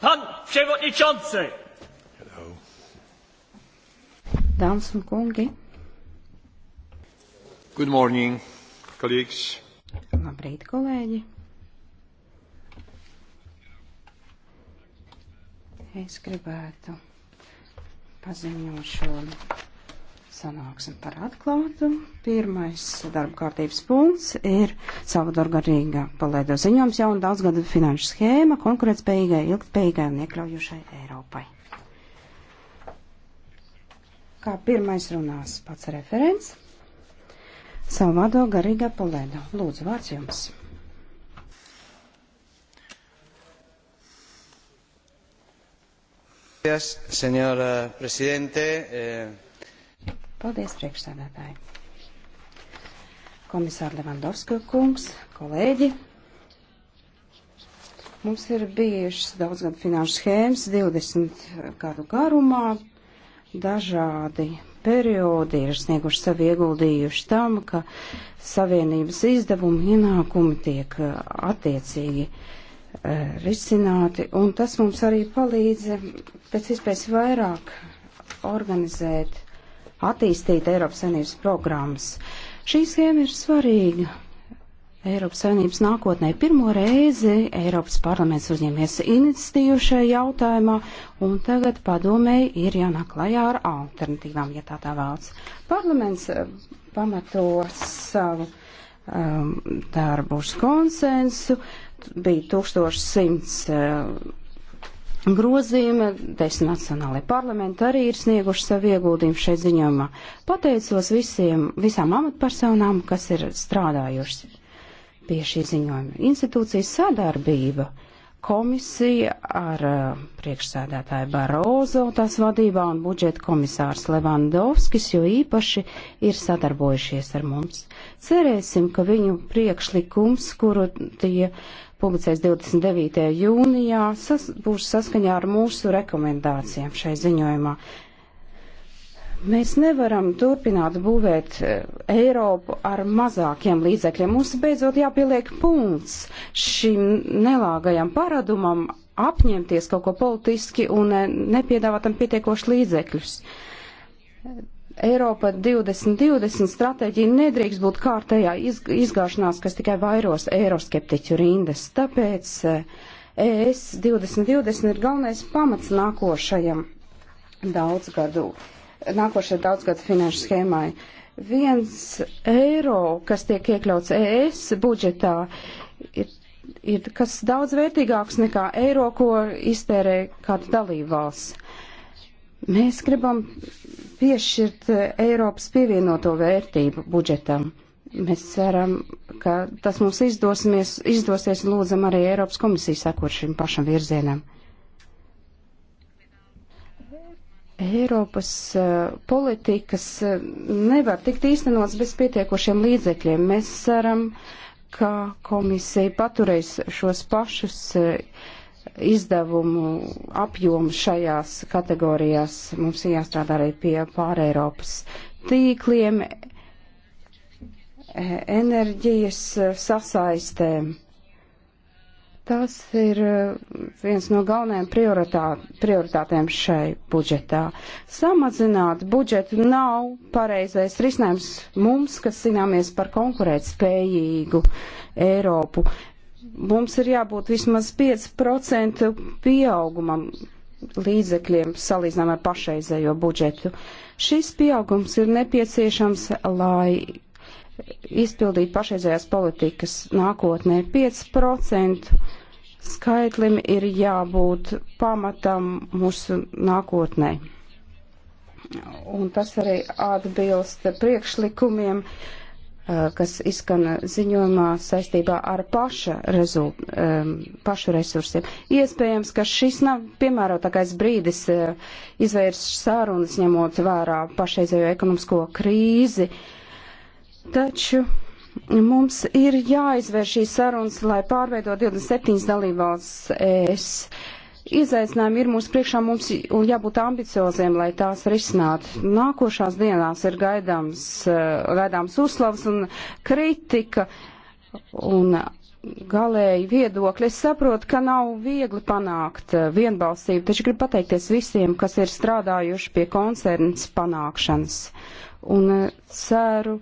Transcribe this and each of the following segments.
Pan przewodniczący! Hello. Dāmas un kungi. Good morning, colleagues. Labrīt, kolēģi. Es gribētu paziņot šo sanāksmi par atklātu. Pirmais darba kārtības punkts ir Salvador Garīga palaido ziņojums jauna daudzgada finanšu schēma konkurētspējīgai, ilgtspējīgai un iekļaujušai Eiropai. Kā pirmais runās pats referents Salvador Garīga palaido. Lūdzu, vārds jums. señor presidente eh, Paldies, priekšsēdētāji! Komisāra Levandovska kungs, kolēģi! Mums ir bijušas daudzgadu finanšu schēmas, 20 gadu garumā, dažādi periodi ir snieguši savu ieguldījuši tam, ka savienības izdevumi ienākumi tiek eh, attiecīgi uh, risināti, un tas mums arī palīdz eh, pēc iespējas vairāk organizēt attīstīt Eiropas Savienības programmas. Šī schēma ir svarīga. Eiropas Savienības nākotnē pirmo reizi Eiropas parlaments uzņemies iniciatīvu šajā jautājumā, un tagad padomēji ir jānāk klajā ar alternatīvām, ja tā tā vēlas. Parlaments eh, pamato savu um, darbu uz konsensu, bija 1100 uh, eh, grozījumi, desmit nacionālajie parlamenti arī ir snieguši savu ieguldījumu šeit ziņojumā. Pateicos visiem, visām amatpersonām, kas ir strādājuši pie šī ziņojuma. Institūcijas sadarbība, komisija ar uh, priekšsēdētāju Barozo tās vadībā un budžeta komisārs Levandovskis, jo īpaši ir sadarbojušies ar mums. Cerēsim, ka viņu priekšlikums, kuru tie. Uh, publicēts 29. jūnijā, sas, būs saskaņā ar mūsu rekomendācijām šai ziņojumā. Mēs nevaram turpināt būvēt eh, Eiropu ar mazākiem līdzekļiem. Mums beidzot jāpieliek punkts šim nelāgajam paradumam apņemties kaut ko politiski un eh, nepiedāvātam pietiekoši līdzekļus. Eiropa 2020 stratēģija nedrīkst būt kārtējā izgāšanās, kas tikai vairos eiroskeptiķu rindas. Tāpēc eh, e ES 2020 ir galvenais pamats nākošajam daudzgadu, nākošajai daudzgadu finanšu schēmai. Viens eiro, kas tiek iekļauts ES budžetā, ir, ir kas daudz vērtīgāks nekā eiro, ko iztērē kāda dalībvalsts Mēs gribam piešķirt Eiropas pievienoto vērtību budžetam. Mēs ceram, ka tas mums izdosies, izdosies un lūdzam arī Eiropas komisiju sekot šim pašam virzienam. Eiropas uh, politikas uh, nevar tikt īstenots bez pietiekošiem līdzekļiem. Mēs ceram, ka komisija paturēs šos pašus uh, izdevumu apjomu šajās kategorijās. Mums ir jāstrādā arī pie pāreiropas tīkliem, e, enerģijas e, sasaistēm. Tas ir e, viens no galvenajiem prioritā, prioritātiem šai budžetā. Samazināt budžetu nav pareizais risinājums mums, kas cīnāmies par konkurētspējīgu Eiropu mums ir jābūt vismaz 5% pieaugumam līdzekļiem salīdzinām ar pašreizējo budžetu. Šis pieaugums ir nepieciešams, lai izpildītu pašreizējās politikas nākotnē. 5% skaitlim ir jābūt pamatam mūsu nākotnē. Un tas arī atbilst priekšlikumiem uh, Uh, kas izskan ziņojumā saistībā ar paša rezult, um, pašu resursiem. Iespējams, ka šis nav piemērotākais brīdis uh, izvērst sārunas, ņemot vērā pašreizējo ekonomisko krīzi. Taču mums ir jāizvērš šīs sarunas, lai pārveidot 27 dalībvalsts ES. Izaicinājumi ir mūsu priekšā mums un jābūt ambicioziem, lai tās risinātu. Nākošās dienās ir gaidāms, eh, gaidāms uzslavs un kritika un galēji viedokļi. Es saprotu, ka nav viegli panākt eh, vienbalsību, taču gribu pateikties visiem, kas ir strādājuši pie koncerns panākšanas. Un eh, ceru,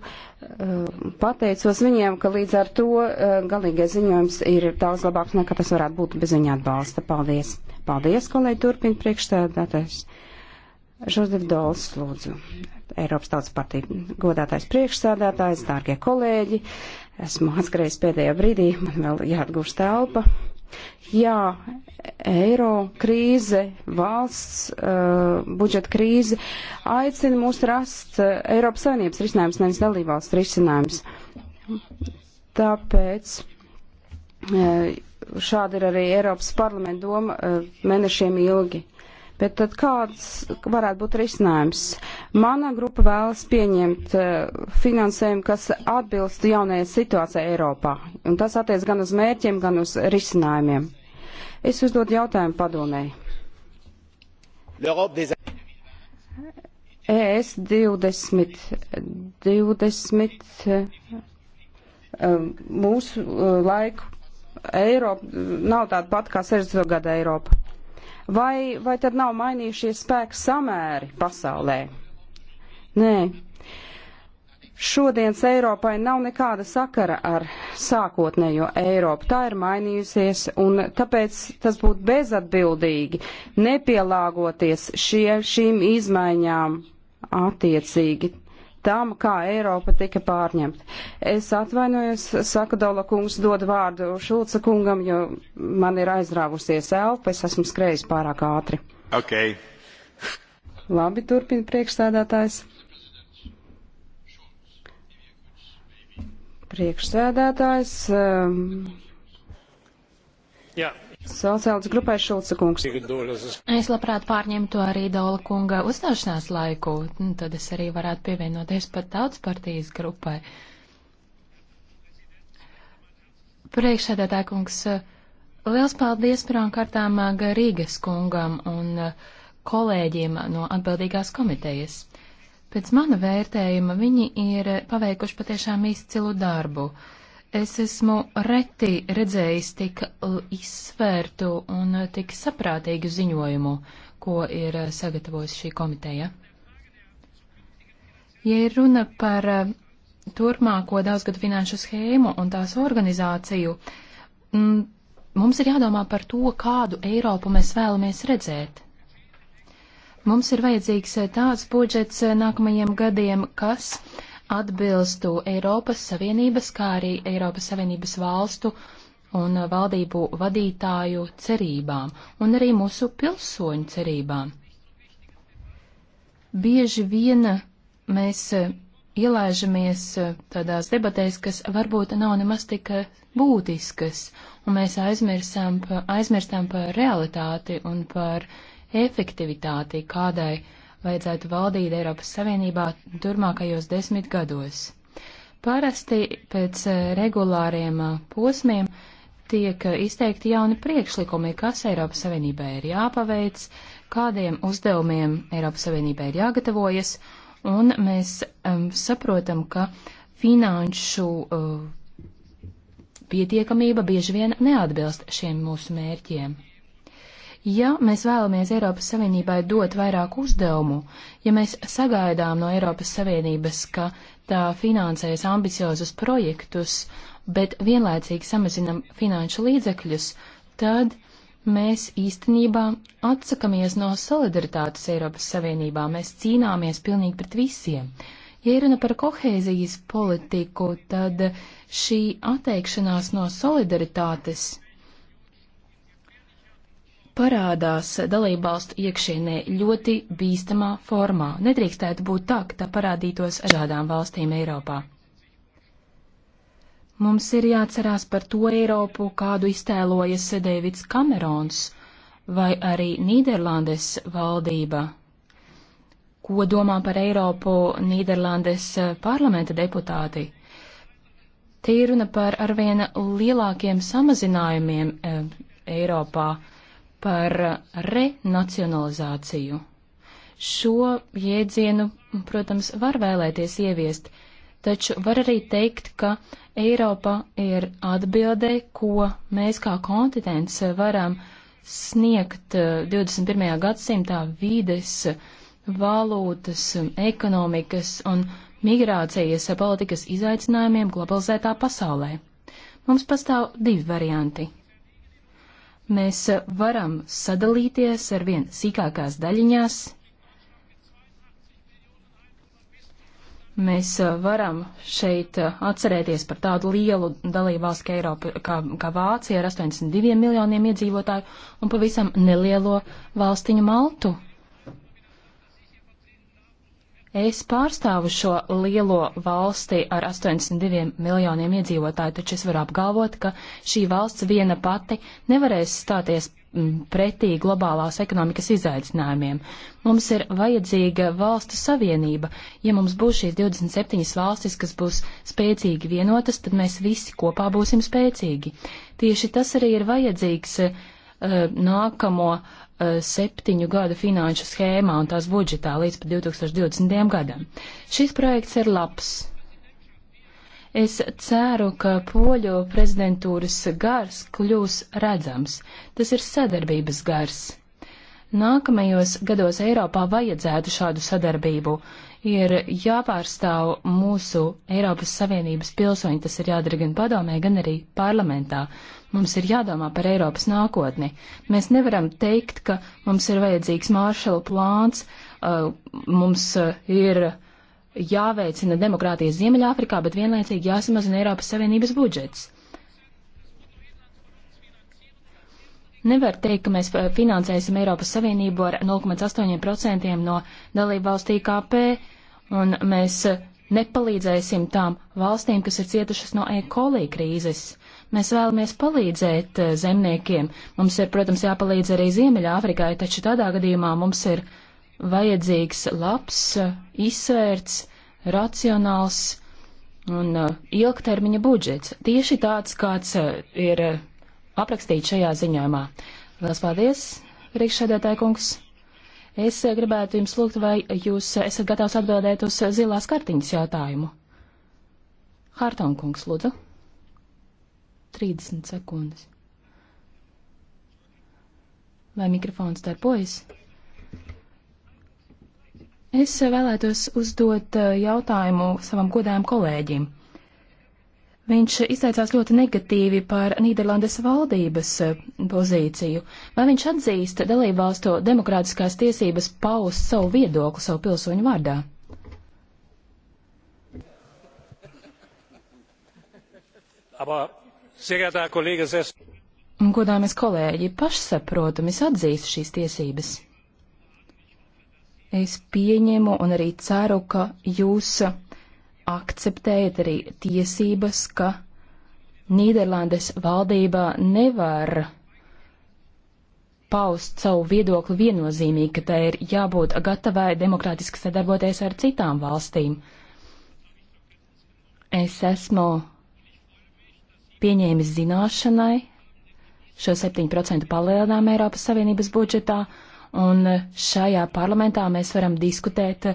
pateicos viņiem, ka līdz ar to galīgais ziņojums ir daudz labāks nekā tas varētu būt bez viņa atbalsta. Paldies! Paldies, kolēģi, turpina priekšstādātājs. Žozef Dols, lūdzu, Eiropas Tautas partija godātais priekšstādātājs, dārgie kolēģi, esmu atskrējis pēdējā brīdī, man vēl jāatgūst telpa. Jā, eiro krīze, valsts uh, budžeta krīze aicina mūs rast uh, Eiropas Savienības risinājums, nevis dalībvalsts risinājums. Tāpēc E, šāda ir arī Eiropas parlamenta doma e, mēnešiem ilgi. Bet tad kāds varētu būt risinājums? Mana grupa vēlas pieņemt e, finansējumu, kas atbilst jaunajai situācijai Eiropā. Un tas attiec gan uz mērķiem, gan uz risinājumiem. Es uzdodu jautājumu padomēji. ES 20, 20 mūsu laiku Eiropa nav tāda pati kā 60. gada Eiropa. Vai, vai tad nav mainījušies spēku samēri pasaulē? Nē. Šodienas Eiropai nav nekāda sakara ar sākotnējo Eiropu. Tā ir mainījusies, un tāpēc tas būtu bezatbildīgi nepielāgoties šie, šīm izmaiņām attiecīgi tam, kā Eiropa tika pārņemta. Es atvainojos, saka Dola kungs, dod vārdu Šulca kungam, jo man ir aizrāvusies elpa, es esmu skrējis pārāk ātri. Okay. Labi, turpina priekšsēdētājs. Priekšsēdētājs. Um, yeah. Sociāls grupai Šulca kungs. Es labprāt pārņemtu arī Dola kunga uzstāšanās laiku, tad es arī varētu pievienoties pat tautas partijas grupai. Priekšsēdētāj kungs, liels paldies pirmām kārtām Garīgas kungam un kolēģiem no atbildīgās komitejas. Pēc mana vērtējuma viņi ir paveikuši patiešām izcilu darbu. Uh, Es esmu reti redzējis tik izsvērtu un eh, tik saprātīgu ziņojumu, ko ir eh, sagatavojusi šī komiteja. Ja ir runa par eh, turpmāko daudzgadu finanšu schēmu un tās organizāciju, mm, mums ir jādomā par to, kādu Eiropu mēs vēlamies redzēt. Mums ir vajadzīgs tāds budžets nākamajiem gadiem, kas uh, atbilstu Eiropas Savienības, kā arī Eiropas Savienības valstu un valdību vadītāju cerībām un arī mūsu pilsoņu cerībām. Bieži vien mēs ielaižamies tādās debatēs, kas varbūt nav nemaz tik būtiskas, un mēs aizmirstam, aizmirstam par realitāti un par efektivitāti, kādai uh, vajadzētu valdīt Eiropas Savienībā turmākajos desmit gados. Parasti pēc eh, regulāriem eh, posmiem tiek eh, izteikti jauni priekšlikumi, kas Eiropas Savienībai ir jāpaveic, kādiem uzdevumiem Eiropas Savienībai ir jāgatavojas, un mēs um, saprotam, ka finanšu uh, pietiekamība bieži vien neatbilst šiem mūsu mērķiem. Ja mēs vēlamies Eiropas Savienībai dot vairāk uzdevumu, ja mēs sagaidām no Eiropas Savienības, ka tā finansēs ambiciozus projektus, bet vienlaicīgi samazinam finanšu līdzekļus, tad mēs īstenībā atsakamies no solidaritātes Eiropas Savienībā, mēs cīnāmies pilnīgi pret visiem. Ja runa par kohēzijas politiku, tad šī atteikšanās no solidaritātes parādās dalībvalstu iekšienē ļoti bīstamā formā. Nedrīkstētu būt tā, ka tā parādītos dažādām valstīm Eiropā. Mums ir jāatcerās par to Eiropu, kādu iztēlojas Deivids Kamerons vai arī Nīderlandes valdība. Ko domā par Eiropu Nīderlandes parlamenta deputāti? Tie ir runa par arvien lielākiem samazinājumiem e, Eiropā par renacionalizāciju. Šo jēdzienu, protams, var vēlēties ieviest, taču var arī teikt, ka Eiropa ir atbildē, ko mēs kā kontinents varam sniegt 21. Eh, gadsimtā vides, valūtas, ekonomikas un migrācijas politikas izaicinājumiem globalizētā pasaulē. Mums pastāv divi varianti mēs varam sadalīties ar vien sīkākās daļiņās. Mēs varam šeit atcerēties par tādu lielu dalībvalstu Eiropu kā, kā Vācija ar 82 miljoniem iedzīvotāju un pavisam nelielo valstiņu Maltu Es pārstāvu šo lielo valsti ar 82 miljoniem iedzīvotāju, taču es varu apgalvot, ka šī valsts viena pati nevarēs stāties mm, pretī globālās ekonomikas izaicinājumiem. Mums ir vajadzīga valstu savienība. Ja mums būs šīs 27 valstis, kas būs spēcīgi vienotas, tad mēs visi kopā būsim spēcīgi. Tieši tas arī ir vajadzīgs Eh, nākamo eh, septiņu gadu finanšu schēmā un tās budžetā līdz 2020. gadam. Šis projekts ir labs. Es ceru, ka poļu prezidentūras gars kļūs redzams. Tas ir sadarbības gars. Nākamajos gados Eiropā vajadzētu šādu sadarbību. Ir jāpārstāv mūsu Eiropas Savienības pilsoņi, tas ir jādara gan padomē, gan arī parlamentā. Mums ir jādomā par Eiropas nākotni. Mēs nevaram teikt, ka mums ir vajadzīgs Māršala plāns, uh, mums uh, ir jāveicina demokrātijas Ziemeļāfrikā, bet vienlaicīgi jāsamazina Eiropas Savienības budžets. Nevar teikt, ka mēs uh, finansēsim Eiropas Savienību ar 0,8% no dalību valstī KP, un mēs nepalīdzēsim tām valstīm, kas ir cietušas no E. coli krīzes. Mēs vēlamies palīdzēt eh, zemniekiem. Mums ir, protams, jāpalīdz arī Ziemeļāfrikai, taču tādā gadījumā mums ir vajadzīgs labs, eh, izsvērts, racionāls un eh, ilgtermiņa budžets. Tieši tāds, kāds ir aprakstīts šajā ziņojumā. Lielas paldies, priekšsēdētāji kungs! Es gribētu jums lūgt, vai jūs esat gatavs atbildēt uz zilās kartiņas jautājumu. Hārtonkungs, lūdzu. 30 sekundes. Vai mikrofons darbojas? Es vēlētos uzdot eh, jautājumu savam godājam kolēģim. Viņš izteicās ļoti negatīvi par Nīderlandes valdības eh, pozīciju. Vai viņš atzīst dalībvalstu demokrātiskās tiesības paust savu viedokli savu pilsoņu vārdā? Aber Godāmies kolēģi, pašsaprotami es atzīstu šīs tiesības. Es pieņemu un arī ceru, ka jūs akceptējat arī tiesības, ka Nīderlandes valdībā nevar paust savu viedokli viennozīmīgi, ka tai ir jābūt gatavai demokrātiski sadarboties ar citām valstīm. Es esmu pieņēmis zināšanai šo 7% palielinājumu Eiropas Savienības budžetā, un šajā parlamentā mēs varam diskutēt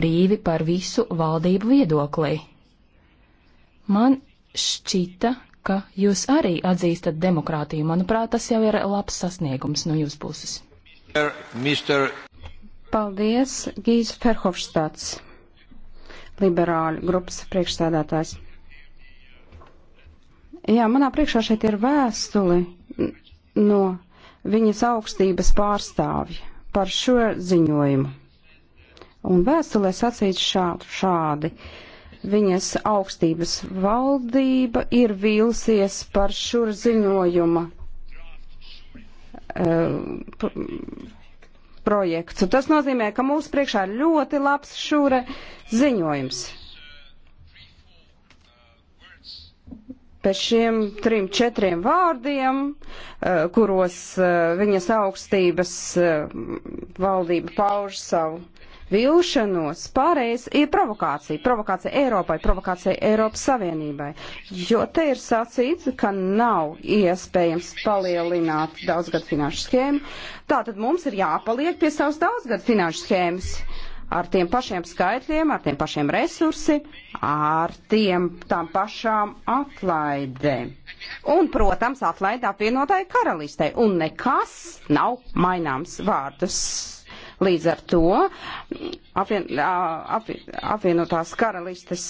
brīvi par visu valdību viedoklī. Man šķita, ka jūs arī atzīstat demokrātiju. Manuprāt, tas jau ir labs sasniegums no jūsu puses. Mister... Paldies, Gīs Ferhofstāds, liberāļu grupas priekšstādātājs. Jā, manā priekšā šeit ir vēstuli no viņas augstības pārstāvja par šo ziņojumu. Un vēstulē sacīts šādi. šādi viņas augstības valdība ir vīlusies par šur ziņojuma uh, projektu. Tas nozīmē, ka mūsu priekšā ir ļoti labs šure ziņojums. pēc šiem trim, četriem vārdiem, eh, kuros eh, viņas augstības eh, valdība pauž savu vilšanos, pārējais ir provokācija. Provokācija Eiropai, provokācija Eiropas Savienībai. Jo te ir sacīts, ka nav iespējams palielināt daudzgad finanšu schēmu. Tātad mums ir jāpaliek pie savas daudzgad finanšu schēmas. Uh, ar tiem pašiem skaitļiem, ar tiem pašiem resursiem, ar tiem tām pašām atlaidēm. Un, protams, atlaida apvienotāja karalistē. Un nekas nav maināms vārdus. Līdz ar to apvien, apvien, apvienotās karalistes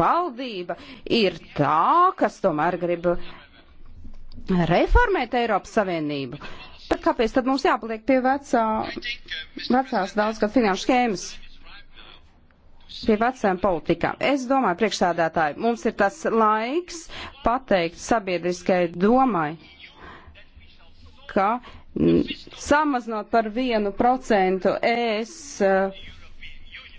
valdība ir tā, kas tomēr grib reformēt Eiropas Savienību. Uh, Tad kāpēc tad mums jāpaliek pie vecā, vecās daudzgad finanšu schēmas? Pie vecām politikām. Es domāju, priekšstādātāji, mums ir tas laiks pateikt sabiedriskai domai, ka samazinot par vienu procentu ES eh,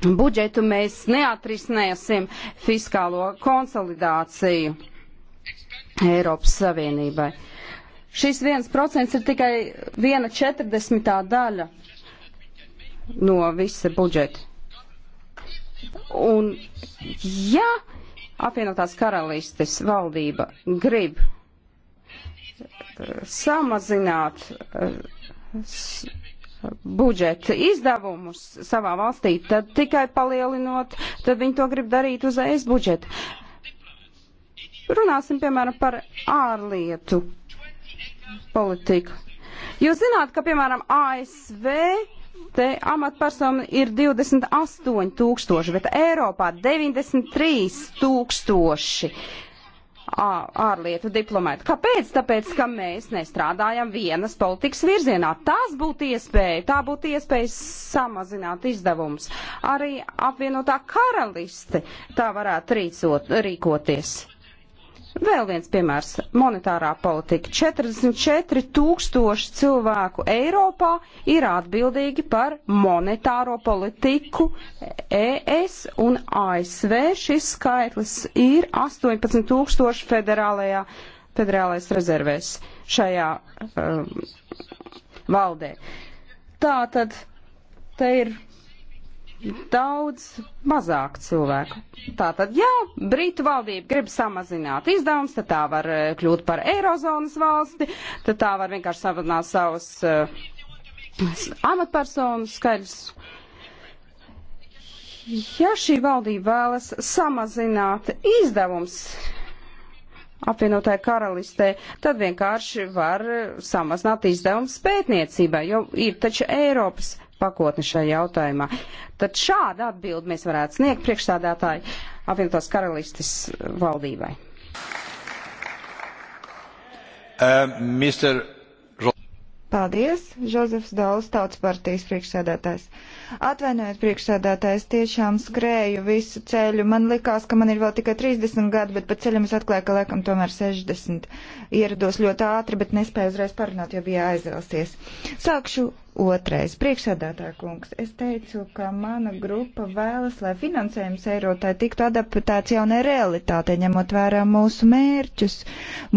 budžetu mēs neatrisinēsim fiskālo konsolidāciju Eiropas Savienībai. Šis viens procents ir tikai viena četrdesmitā daļa no visa budžeta. Un ja apvienotās karalistes valdība grib eh, samazināt eh, budžeta izdevumus savā valstī, tad tikai palielinot, tad viņi to grib darīt uz ES budžetu. Runāsim, piemēram, par ārlietu politiku. Jūs zināt, ka, piemēram, ASV te amatpersonu ir 28 tūkstoši, bet Eiropā 93 tūkstoši ārlietu diplomāti. Kāpēc? Tāpēc, ka mēs nestrādājam vienas politikas virzienā. Tās būtu iespēja, tā būtu iespēja samazināt izdevumus. Arī apvienotā karaliste tā varētu rīcot, rīkoties. Vēl viens piemērs - monetārā politika. 44 tūkstoši cilvēku Eiropā ir atbildīgi par monetāro politiku ES un ASV. Šis skaitlis ir 18 tūkstoši federālajā, federālais rezervēs šajā um, valdē. Tātad te ir daudz mazāk cilvēku. Tātad, ja Britu valdība grib samazināt izdevums, tad tā var eh, kļūt par Eirozonas valsti, tad tā var vienkārši samazināt savus uh, amatpersonu skaļus. Ja šī valdība vēlas samazināt izdevums apvienotāja karalistē, tad vienkārši var samazināt izdevums pētniecībai, jo ir taču Eiropas pakotni šajā jautājumā. Tad šādu atbildi mēs varētu sniegt priekšstādātāji apvienotās karalistes valdībai. Uh, um, Mr. Paldies, Žozefs Dauls, Tautas partijas priekšsēdētājs. Atvainojiet, priekšsēdētājs, tiešām skrēju visu ceļu. Man likās, ka man ir vēl tikai 30 gadi, bet pa ceļam es atklāju, ka laikam tomēr 60. Ierados ļoti ātri, bet nespēju uzreiz parunāt, jo bija aizrausies. Sākšu Otrais priekšsēdētāja kungs, es teicu, ka mana grupa vēlas, lai finansējums Eiropai tiktu adaptēts jaunai realitātei, ņemot vērā mūsu mērķus,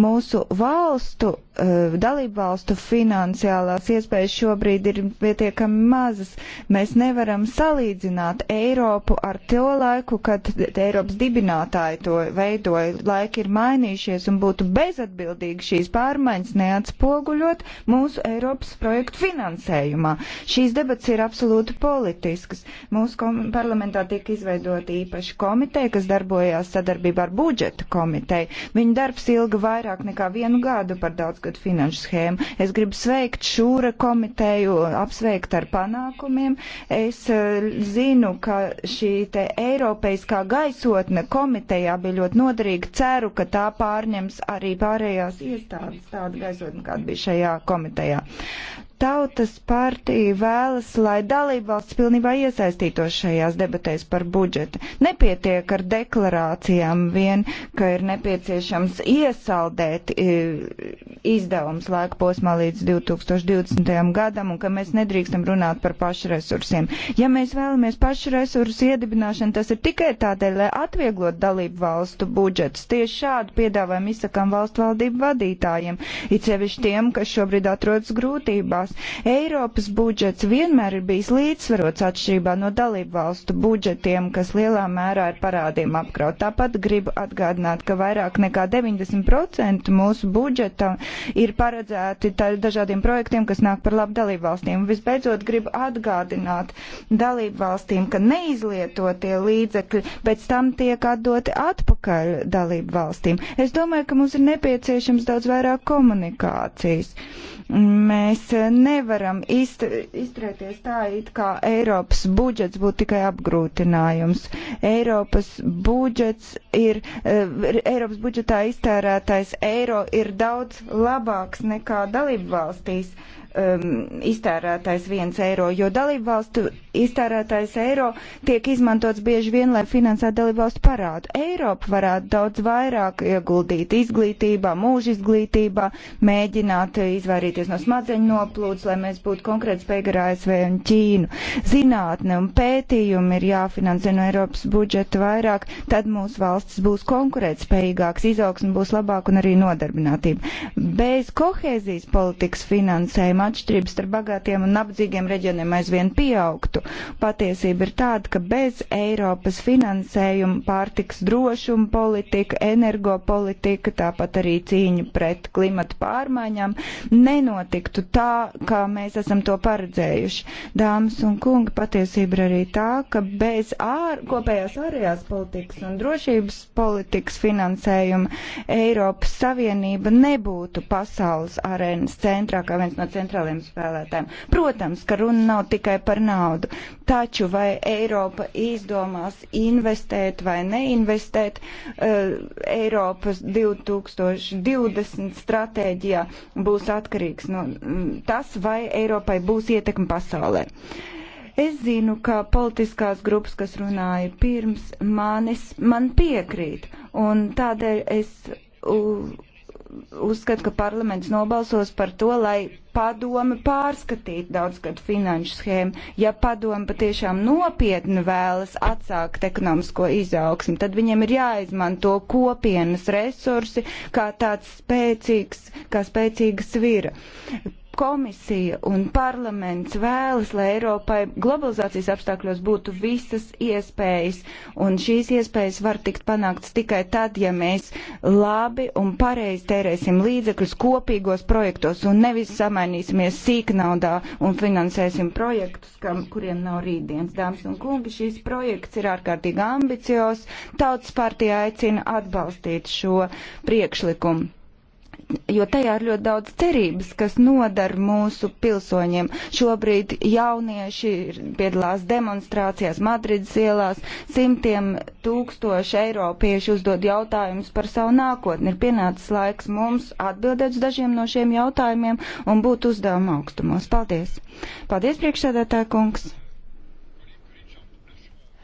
mūsu valstu, eh, dalību valstu finansiālās iespējas šobrīd ir pietiekami mazas. Mēs nevaram salīdzināt Eiropu ar to laiku, kad Eiropas dibinātāji to veidoja. Laiki ir mainījušies un būtu bezatbildīgi šīs pārmaiņas neatspoguļot mūsu Eiropas projektu finansējumu gadījumā. Šīs debats ir absolūti politiskas. Mūsu parlamentā tika izveidota īpaša komiteja, kas darbojās sadarbībā ar budžeta komiteju. Viņa darbs ilga vairāk nekā vienu gadu par daudzgadu finanšu schēmu. Es gribu sveikt šūra komiteju, apsveikt ar panākumiem. Es e, zinu, ka šī te Eiropeiskā gaisotne komitejā bija ļoti noderīga. Ceru, ka tā pārņems arī pārējās iestādes tādu gaisotni, kāda bija šajā komitejā. Tautas partija vēlas, lai dalībvalsts pilnībā iesaistītos šajās debatēs par budžetu. Nepietiek ar deklarācijām vien, ka ir nepieciešams iesaldēt e, izdevums laika posmā līdz 2020. gadam un ka mēs nedrīkstam runāt par pašresursiem. Ja mēs vēlamies pašresursu iedibināšanu, tas ir tikai tādēļ, lai atvieglot dalību valstu budžets. Tieši šādu piedāvājumu izsakām valstu valdību vadītājiem, it sevišķi tiem, kas šobrīd atrodas grūtībās jautājumos. Eiropas budžets vienmēr ir bijis līdzsvarots atšķirībā no dalību valstu budžetiem, kas lielā mērā ir parādiem apkraut. Tāpat gribu atgādināt, ka vairāk nekā 90% mūsu budžeta ir paredzēti dažādiem projektiem, kas nāk par labu dalību valstīm. Visbeidzot, gribu atgādināt dalību valstīm, ka neizlietotie līdzekļi pēc tam tiek atdoti atpakaļ dalību valstīm. Es domāju, ka mums ir nepieciešams daudz vairāk komunikācijas. Mēs nevaram izt, izturēties tā, it kā Eiropas budžets būtu tikai apgrūtinājums. Eiropas budžets ir, eh, Eiropas budžetā iztērētais eiro ir daudz labāks nekā dalību valstīs. Uh, um, iztērētais viens eiro, jo dalību valstu iztērētais eiro tiek izmantots bieži vien, lai finansētu dalību valstu parādu. Eiropa varētu daudz vairāk ieguldīt izglītībā, mūža izglītībā, mēģināt izvairīties no smadzeņu noplūdes, lai mēs būtu konkrēti spējīgi ar ASV un Ķīnu. Zinātne un pētījumi ir jāfinansē no Eiropas budžeta vairāk, tad mūsu valsts būs konkurētspējīgāks, izaugsme būs labāka un arī nodarbinātība. Bez kohēzijas politikas finansējuma un atšķirības starp bagātiem un nabadzīgiem reģioniem aizvien pieaugtu. Patiesība ir tāda, ka bez Eiropas finansējuma pārtiks drošuma politika, energopolitika, tāpat arī cīņa pret klimatu pārmaiņām nenotiktu tā, kā mēs esam to paredzējuši. Dāmas un kungi, patiesība ir arī tā, ka bez ār, kopējās ārējās politikas un drošības politikas finansējuma Eiropas Savienība nebūtu pasaules arēnas centrā, kā viens no centriem centrāliem spēlētājiem. Protams, ka runa nav tikai par naudu, taču vai Eiropa izdomās investēt vai neinvestēt uh, Eiropas 2020 stratēģijā būs atkarīgs no mm, tas, vai Eiropai būs ietekme pasaulē. Es zinu, ka politiskās grupas, kas runāja pirms manis, man piekrīt, un tādēļ es. Uh, uzskata, ka parlaments nobalsos par to, lai padome pārskatītu daudzgadu finanšu schēmu. Ja padome patiešām nopietni vēlas atsākt ekonomisko izaugsmu, tad viņiem ir jāizmanto kopienas resursi kā tāds spēcīgs, kā spēcīga svira komisija un parlaments vēlas, lai Eiropai globalizācijas apstākļos būtu visas iespējas, un šīs iespējas var tikt panāktas tikai tad, ja mēs labi un pareizi tērēsim līdzekļus kopīgos projektos un nevis samainīsimies sīknaudā un finansēsim projektus, kam, kuriem nav rītdienas. Dāmas un kungi, šīs projekts ir ārkārtīgi ambicios. Tautas partija aicina atbalstīt šo priekšlikumu jo tajā ir ļoti daudz cerības, kas nodar mūsu pilsoņiem. Šobrīd jaunieši piedalās demonstrācijās Madrides ielās, simtiem tūkstoši eiropieši uzdod jautājumus par savu nākotni. Ir pienācis laiks mums atbildēt uz dažiem no šiem jautājumiem un būt uzdevuma augstumos. Paldies! Paldies, priekšsēdētāja kungs!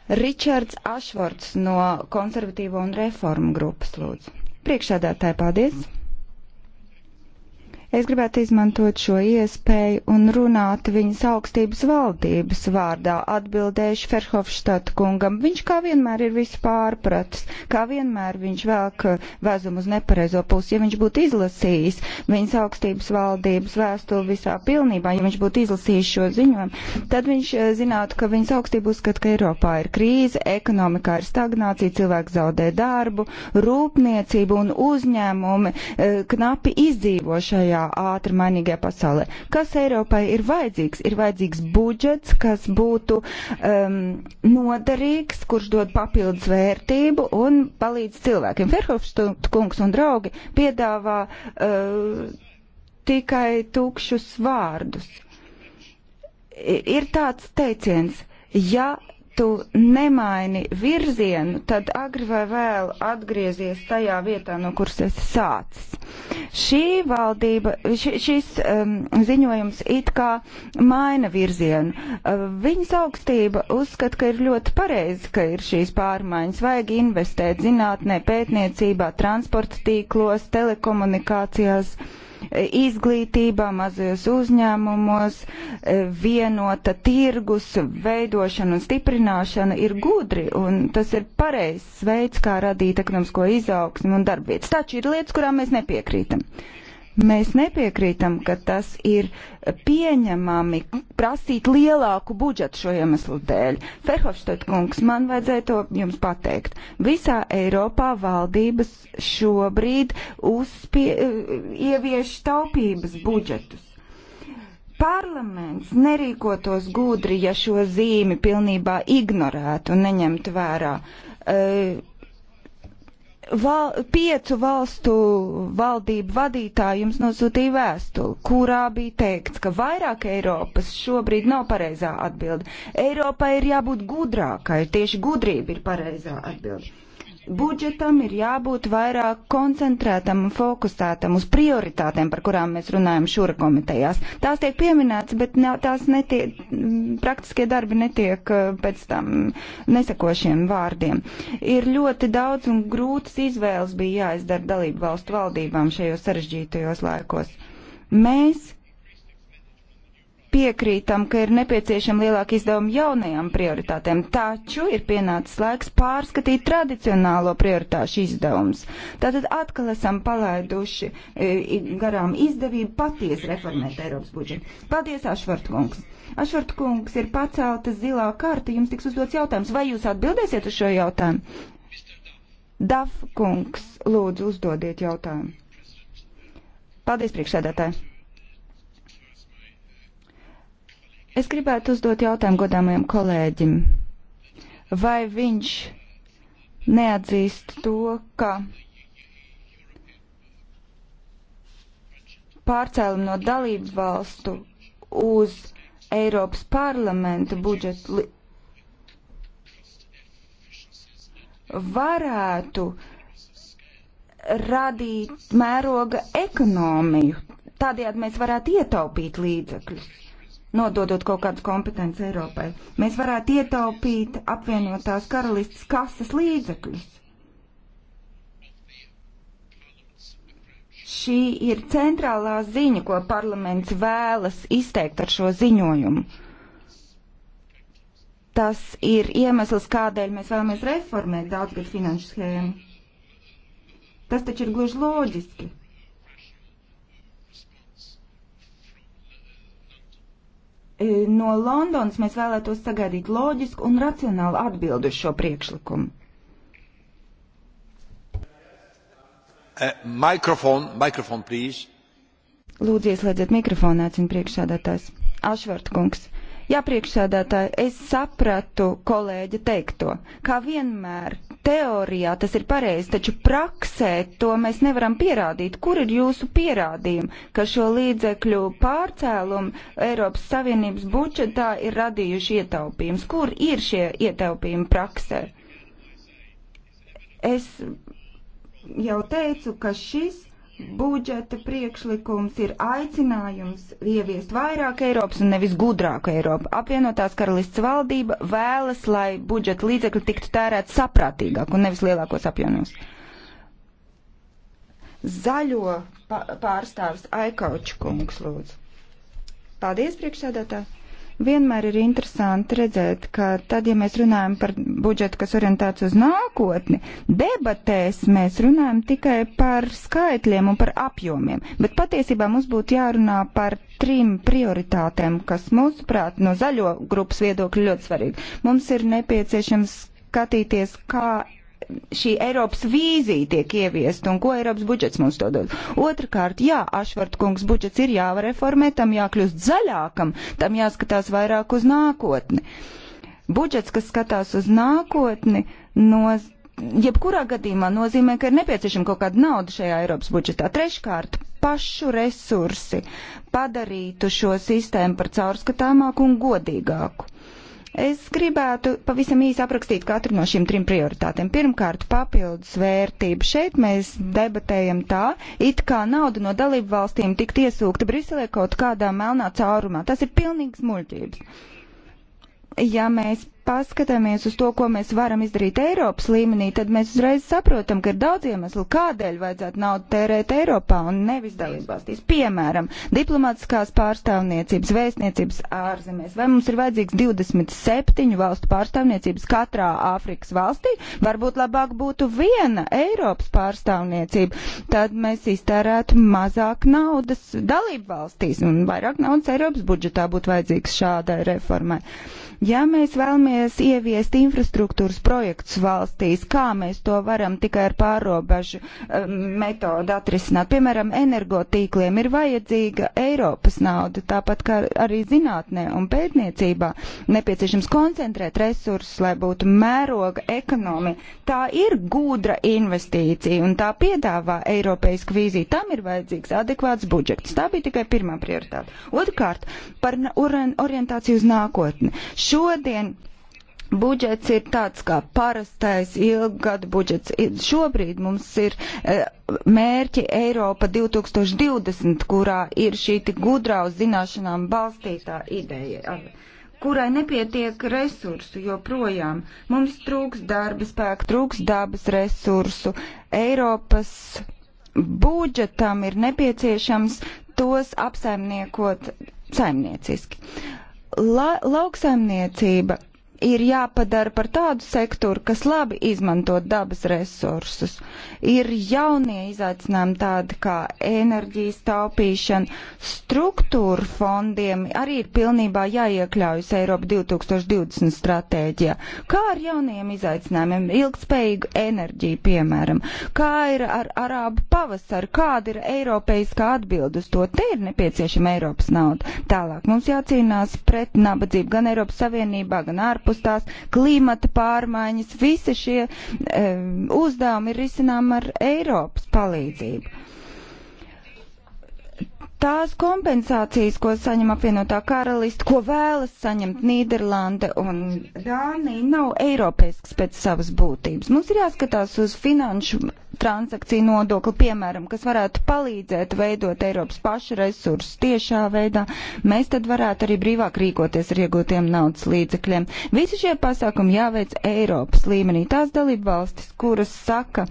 Ričards Ašvorts no konservatīvo un reformu grupas lūdzu. Priekšsēdētāji, paldies! Mm. Es gribētu izmantot šo iespēju un runāt viņas augstības valdības vārdā, atbildējuši Ferhofštata kungam. Viņš kā vienmēr ir visu pārpratis, kā vienmēr viņš velk vezumu uz nepareizo pusi. Ja viņš būtu izlasījis viņas augstības valdības vēstuli visā pilnībā, ja viņš būtu izlasījis šo ziņojumu, tad viņš eh, zinātu, ka viņas augstība uzskata, ka Eiropā ir krīze, ekonomikā ir stagnācija, cilvēki zaudē darbu, rūpniecību un uzņēmumi eh, knapi izdzīvo šajā šajā ātri mainīgajā pasaulē. Kas Eiropai ir vajadzīgs? Ir vajadzīgs budžets, kas būtu um, noderīgs, kurš dod papildus vērtību un palīdz cilvēkiem. Ferhofstund kungs un draugi piedāvā uh, tikai tukšus vārdus. Ir tāds teiciens, ja tu nemaini virzienu, tad agri vai vēl atgriezies tajā vietā, no kuras esi sācis. Šī valdība, ši, šis um, ziņojums it kā maina virzienu. Uh, viņas augstība uzskata, ka ir ļoti pareizi, ka ir šīs pārmaiņas. Vajag investēt zinātnē, pētniecībā, transporta tīklos, telekomunikācijās. Uh, izglītībā, mazajos uzņēmumos, e, vienota tirgus veidošana un stiprināšana ir gudri un tas ir pareizs veids, kā radīt ekonomisko izaugsmu un darbvietas. Taču ir lietas, kurām mēs nepiekrītam. Uh, Mēs nepiekrītam, ka tas ir pieņemami prasīt lielāku budžetu šo iemeslu dēļ. Ferhofstadt kungs, man vajadzēja to jums pateikt. Visā Eiropā valdības šobrīd uzpie, ievieš taupības budžetus parlaments nerīkotos gudri, ja šo zīmi pilnībā ignorētu un neņemtu vērā. Uh, val, piecu valstu valdību vadītāji jums nosūtīja vēstuli, kurā bija teikts, ka vairāk Eiropas šobrīd nav pareizā atbilde. Eiropai ir jābūt gudrākai, tieši gudrība ir pareizā atbilde budžetam ir jābūt vairāk koncentrētam un fokusētam uz prioritātēm, par kurām mēs runājam šura komitejās. Tās tiek pieminētas, bet tās netiek, praktiskie darbi netiek eh, pēc tam nesakošiem vārdiem. Ir ļoti daudz un grūtas izvēles bija jāizdara dalību valstu valdībām šajos sarežģītajos laikos. Mēs piekrītam, ka ir nepieciešama lielāka izdevuma jaunajām prioritātēm, taču ir pienācis laiks pārskatīt tradicionālo prioritāšu izdevumus. Tātad atkal esam palaiduši e, garām izdevību patiesi reformēt Eiropas budžetu. Paldies, Ašvartkungs! Ašvartkungs ir pacelta zilā karta, jums tiks uzdots jautājums, vai jūs atbildēsiet uz šo jautājumu? Dafkungs, lūdzu, uzdodiet jautājumu. Paldies, priekšsēdētāji! Es gribētu uzdot jautājumu godāmajam kolēģim. Vai viņš neatzīst to, ka pārcēlumi no dalību valstu uz Eiropas parlamenta budžetu varētu radīt mēroga ekonomiju. Tādējādi mēs varētu ietaupīt līdzekļus nododot kaut kādu kompetenci Eiropai. Mēs varētu ietaupīt apvienotās karalistas kases līdzekļus. Šī ir centrālā ziņa, ko parlaments vēlas izteikt ar šo ziņojumu. Tas ir iemesls, kādēļ mēs vēlamies reformēt daudzgad finanšu schēmu. Tas taču ir gluži loģiski. E, no Londonas mēs vēlētos sagaidīt loģisku un racionālu atbildu uz šo priekšlikumu. E, mikrofon, mikrofon, please. Lūdzu, ieslēdziet mikrofonu, aicinu priekšsādātājs. Ašvart kungs. Jā, priekšsēdētāji, es sapratu kolēģi teikto. Kā vienmēr, teorijā tas ir pareizi, taču praksē to mēs nevaram pierādīt. Kur ir jūsu pierādījumi, ka šo līdzekļu pārcēlumu Eiropas Savienības budžetā ir radījuši ietaupījums? Kur ir šie ietaupījumi praksē? Es jau teicu, ka šis budžeta priekšlikums ir aicinājums ieviest vairāk Eiropas un nevis gudrāku Eiropu. Apvienotās karalists valdība vēlas, lai budžeta līdzekļi tiktu tērēt saprātīgāk un nevis lielākos apjomos. Zaļo pārstāvis Aikauča kungs lūdzu. Paldies, priekšsēdētāji! Vienmēr ir interesanti redzēt, ka tad, ja mēs runājam par budžetu, kas orientēts uz nākotni, debatēs mēs runājam tikai par skaitļiem un par apjomiem. Bet patiesībā mums būtu jārunā par trim prioritātēm, kas mūsuprāt no zaļo grupas viedokļa ļoti svarīgi. Mums ir nepieciešams skatīties, kā šī Eiropas vīzija tiek ieviest un ko Eiropas budžets mums to dod. Otrakārt, jā, Ašvart kungs budžets ir jāvareformē, tam jākļūst zaļākam, tam jāskatās vairāk uz nākotni. Budžets, kas skatās uz nākotni, no jebkurā gadījumā nozīmē, ka ir nepieciešama kaut kāda nauda šajā Eiropas budžetā. Treškārt, pašu resursi padarītu šo sistēmu par caurskatāmāku un godīgāku. Es gribētu pavisam īsi aprakstīt katru no šīm trim prioritātēm. Pirmkārt, papildus vērtību. Šeit mēs debatējam tā, it kā nauda no dalību valstīm tik iesūkta Briselē kaut kādā melnā caurumā. Tas ir pilnīgs muļķības. Ja mēs paskatāmies uz to, ko mēs varam izdarīt Eiropas līmenī, tad mēs uzreiz saprotam, ka ir daudz iemeslu, kādēļ vajadzētu naudu tērēt Eiropā un nevis dalībvalstīs. Piemēram, diplomātiskās pārstāvniecības, vēstniecības ārzemēs. Vai mums ir vajadzīgs 27 valstu pārstāvniecības katrā Āfrikas valstī? Varbūt labāk būtu viena Eiropas pārstāvniecība. Tad mēs iztērētu mazāk naudas dalībvalstīs un vairāk naudas Eiropas budžetā būtu vajadzīgs šādai reformai. Ja mēs vēlamies vēlamies ieviest infrastruktūras projektus valstīs, kā mēs to varam tikai ar pārobežu um, metodu atrisināt. Piemēram, energotīkliem ir vajadzīga Eiropas nauda, tāpat kā arī zinātnē un pētniecībā nepieciešams koncentrēt resursus, lai būtu mēroga ekonomija. Tā ir gudra investīcija un tā piedāvā Eiropeisku vīziju. Tam ir vajadzīgs adekvāts budžets. Tā bija tikai pirmā prioritāte. Otrkārt, par orientāciju uz nākotni. Šodien budžets ir tāds kā parastais ilggadu budžets. Šobrīd mums ir e, mērķi Eiropa 2020, kurā ir šī tik gudrā uz zināšanām balstītā ideja kurai nepietiek resursu joprojām. Mums trūks darba spēka, trūks dabas resursu. Eiropas budžetam ir nepieciešams tos apsaimniekot saimnieciski. La, lauksaimniecība ir jāpadara par tādu sektoru, kas labi izmanto dabas resursus. Ir jaunie izaicinājumi tādi kā enerģijas taupīšana, struktūra fondiem arī ir pilnībā jāiekļaujas Eiropa 2020 stratēģijā. Kā ar jauniem izaicinājumiem, ilgspējīgu enerģiju piemēram, kā ir ar arābu pavasaru, kāda ir eiropeiskā atbild uz to, te ir nepieciešama Eiropas nauda. Tālāk mums jācīnās pret nabadzību gan Eiropas Savienībā, gan ārpus ārpus tās, klimata pārmaiņas, visi šie um, uzdevumi ir risinām ar Eiropas palīdzību tās kompensācijas, ko saņem apvienotā karalista, ko vēlas saņemt Nīderlande un Dānija, nav eiropeisks pēc savas būtības. Mums ir jāskatās uz finanšu transakciju nodokli, piemēram, kas varētu palīdzēt veidot Eiropas pašu resursus tiešā veidā. Mēs tad varētu arī brīvāk rīkoties ar iegūtiem naudas līdzekļiem. Visi šie pasākumi jāveic Eiropas līmenī. Tās dalība valstis, kuras saka,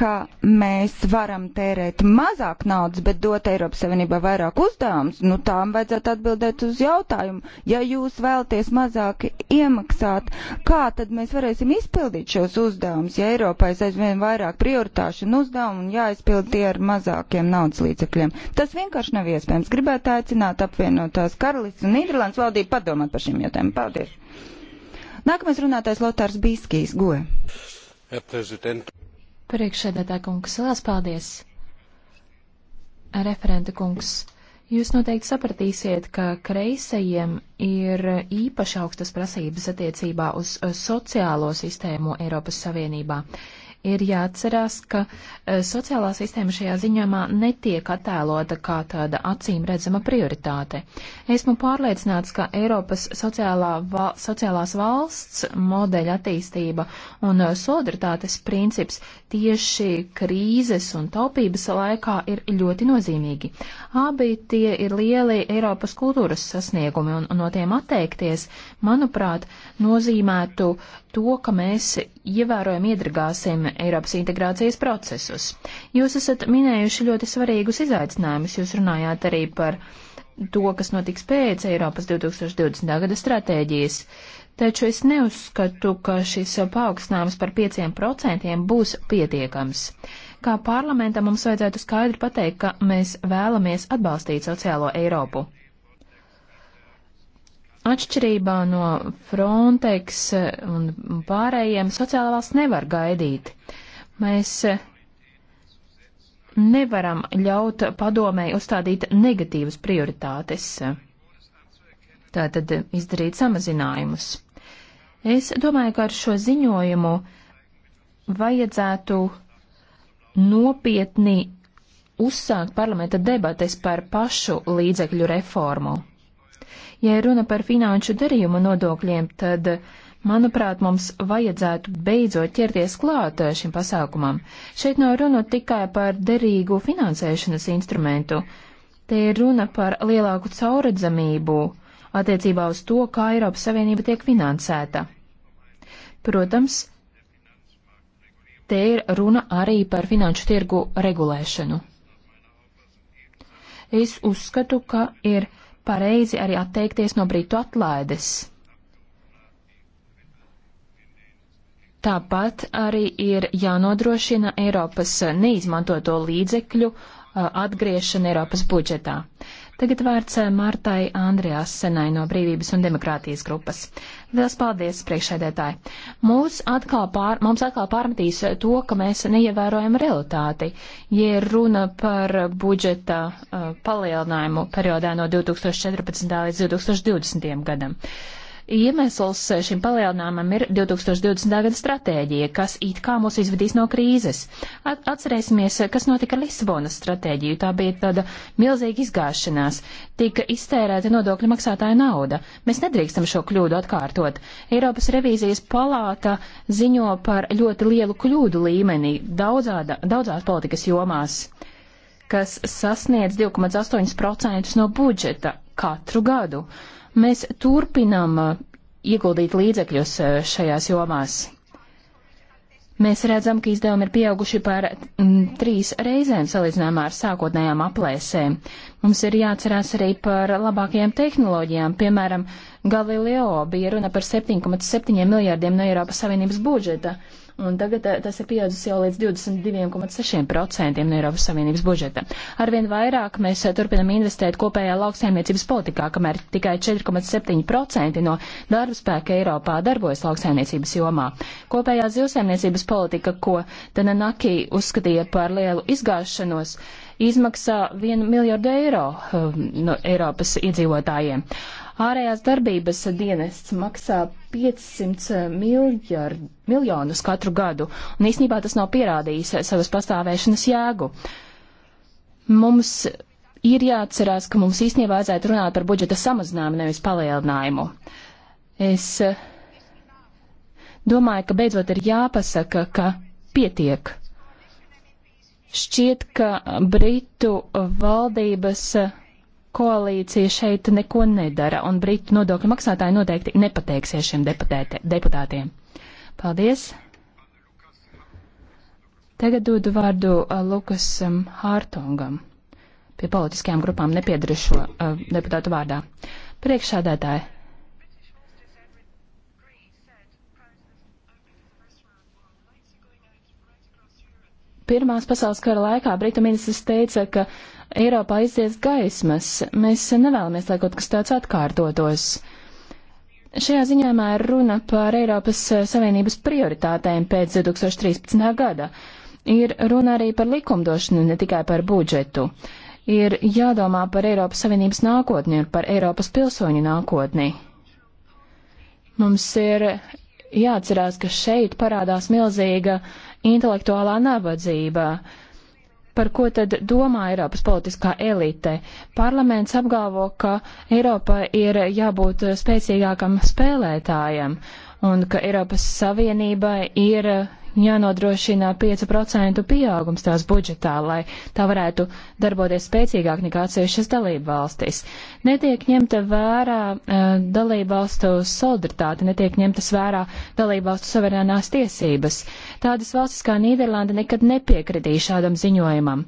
ka mēs varam tērēt mazāk naudas, bet dot Eiropas Savienībā vairāk uzdevumus, nu tām vajadzētu atbildēt uz jautājumu. Ja jūs vēlaties mazāk iemaksāt, kā tad mēs varēsim izpildīt šos uzdevumus, ja Eiropai aizvien vairāk prioritāšu un uzdevumu un jāizpild tie ar mazākiem naudas līdzekļiem? Tas vienkārši nav iespējams. Gribētu aicināt apvienotās karalists un Nīderlandes valdību padomāt par šiem jautājumiem. Paldies! Nākamais runātais Lotārs Bīskijs, Goe. Herr Präsident. Priekšsēdētā kungs, liels paldies! Referenta kungs, jūs noteikti sapratīsiet, ka kreisajiem ir īpaši augstas prasības attiecībā uz sociālo sistēmu Eiropas Savienībā ir jāatcerās, ka e, sociālā sistēma šajā ziņāmā netiek attēlota kā tāda acīm redzama prioritāte. Esmu pārliecināts, ka Eiropas sociālā, val, sociālās valsts modeļa attīstība un e, solidaritātes princips tieši krīzes un taupības laikā ir ļoti nozīmīgi. Abi tie ir lieli Eiropas kultūras sasniegumi un, un no tiem atteikties, manuprāt, nozīmētu to, ka mēs ievērojam iedragāsim Eiropas integrācijas procesus. Jūs esat minējuši ļoti svarīgus izaicinājumus, jūs runājāt arī par to, kas notiks pēc Eiropas 2020. gada stratēģijas, taču es neuzskatu, ka šis paaugstinājums par 5% būs pietiekams. Kā parlamentam mums vajadzētu skaidri pateikt, ka mēs vēlamies atbalstīt sociālo Eiropu. Atšķirībā no Frontex eh, un pārējiem, sociāla valsts nevar gaidīt. Mēs eh, nevaram ļaut padomēji uzstādīt negatīvas prioritātes, tātad eh, izdarīt samazinājumus. Es domāju, ka ar šo ziņojumu vajadzētu nopietni uzsākt parlamenta debates par pašu līdzekļu reformu. Ja runa par finanšu darījumu nodokļiem, tad, manuprāt, mums vajadzētu beidzot ķerties klāt eh, šim pasākumam. Šeit nav runa tikai par derīgu finansēšanas instrumentu. Te ir runa par lielāku cauredzamību attiecībā uz to, kā Eiropas Savienība tiek finansēta. Protams, te ir runa arī par finanšu tirgu regulēšanu. Es uzskatu, ka ir pareizi arī atteikties no brītu atlaides. Tāpat arī ir jānodrošina Eiropas neizmantoto līdzekļu uh, atgriešana Eiropas budžetā. Uh, Tagad vārds eh, Martai Andrijās Senai no Brīvības un demokrātijas grupas. Liels paldies, priekšēdētāji! Mūs atkal pār, mums atkal pārmetīs eh, to, ka mēs neievērojam realitāti. Ja runa par budžeta uh, palielinājumu periodā no 2014. līdz 2020. gadam. Uh, Iemesls šim palielinājumam ir 2020. gada stratēģija, kas it kā mūs izvedīs no krīzes. At atcerēsimies, kas notika ar Lisabonas stratēģiju. Tā bija tāda milzīga izgāšanās. Tika iztērēta nodokļu maksātāja nauda. Mēs nedrīkstam šo kļūdu atkārtot. Eiropas revīzijas palāta ziņo par ļoti lielu kļūdu līmenī daudzāda, daudzās politikas jomās kas sasniedz 2,8% no budžeta katru gadu. Uh, Mēs turpinām uh, ieguldīt līdzekļus uh, šajās jomās. Mēs redzam, ka izdevumi ir pieauguši par m, mm, trīs reizēm salīdzinājumā ar sākotnējām aplēsēm. Mums ir jāatcerās arī par labākajām tehnoloģijām. Piemēram, Galileo bija runa par 7,7 miljārdiem no Eiropas Savienības budžeta un tagad eh, tas ir pieaudzis jau līdz 22,6% no Eiropas Savienības budžeta. Arvien vairāk mēs eh, turpinam investēt kopējā lauksaimniecības politikā, kamēr tikai 4,7% no darba spēka Eiropā darbojas lauksaimniecības jomā. Kopējā zivsaimniecības politika, ko Tananaki uzskatīja par lielu izgāšanos, izmaksā 1 miljardu eiro eh, no Eiropas iedzīvotājiem. Uh, Ārējās darbības dienests maksā 500 eh, miljard, miljonus katru gadu, un īsnībā tas nav pierādījis savas pastāvēšanas jēgu. Mums ir jāatcerās, ka mums īstenībā vajadzētu runāt par budžeta samazinājumu, nevis palielinājumu. Es eh, domāju, ka beidzot ir jāpasaka, ka pietiek. Šķiet, ka Britu valdības eh, koalīcija šeit neko nedara, un britu nodokļu maksātāji noteikti nepateiksies šiem deputēte, deputātiem. Paldies! Tagad dodu vārdu uh, Lukasam um, Hārtungam pie politiskajām grupām nepiedarušo uh, deputātu vārdā. Priekšsādētāji. Pirmās pasaules kara laikā Britu ministrs teica, ka Eiropā izies gaismas. Mēs nevēlamies, lai kaut kas tāds atkārtotos. Šajā ziņojumā ir runa par Eiropas Savienības prioritātēm pēc 2013. gada. Ir runa arī par likumdošanu, ne tikai par budžetu. Ir jādomā par Eiropas Savienības nākotni un par Eiropas pilsoņu nākotni. Mums ir jāatcerās, ka šeit parādās milzīga intelektuālā nabadzība. Uh, par ko tad domā Eiropas politiskā elite. Parlaments apgalvo, ka Eiropa ir jābūt spēcīgākam spēlētājam un ka Eiropas Savienībai ir jānodrošina 5% pieaugums tās budžetā, lai tā varētu darboties spēcīgāk nekā atsevišķas dalība valstis. Netiek ņemta vērā uh, eh, dalība valstu solidaritāte, netiek ņemtas vērā dalība valstu suverēnās tiesības. Tādas valstis kā Nīderlanda nekad nepiekritīja šādam ziņojumam.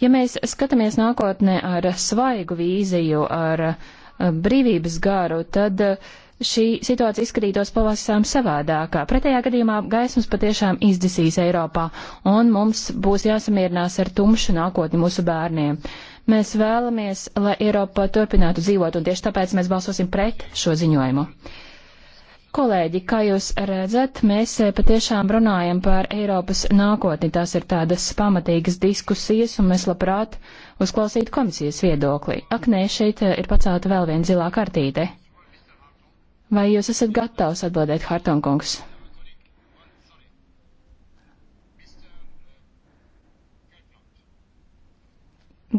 Ja mēs skatāmies nākotnē ar svaigu vīziju, ar uh, brīvības garu, tad uh, šī situācija izskatītos pavisam savādākā. Pretējā gadījumā gaismas patiešām izdzisīs Eiropā, un mums būs jāsamierinās ar tumšu nākotni mūsu bērniem. Mēs vēlamies, lai Eiropa turpinātu dzīvot, un tieši tāpēc mēs balsosim pret šo ziņojumu. Kolēģi, kā jūs redzat, mēs patiešām runājam par Eiropas nākotni. Tās ir tādas pamatīgas diskusijas, un mēs labprāt uzklausītu komisijas viedoklī. Ak, nē, šeit ir pacelta vēl viena zilā kartīte. Vai jūs esat gatavs atbildēt, Hartonkungs?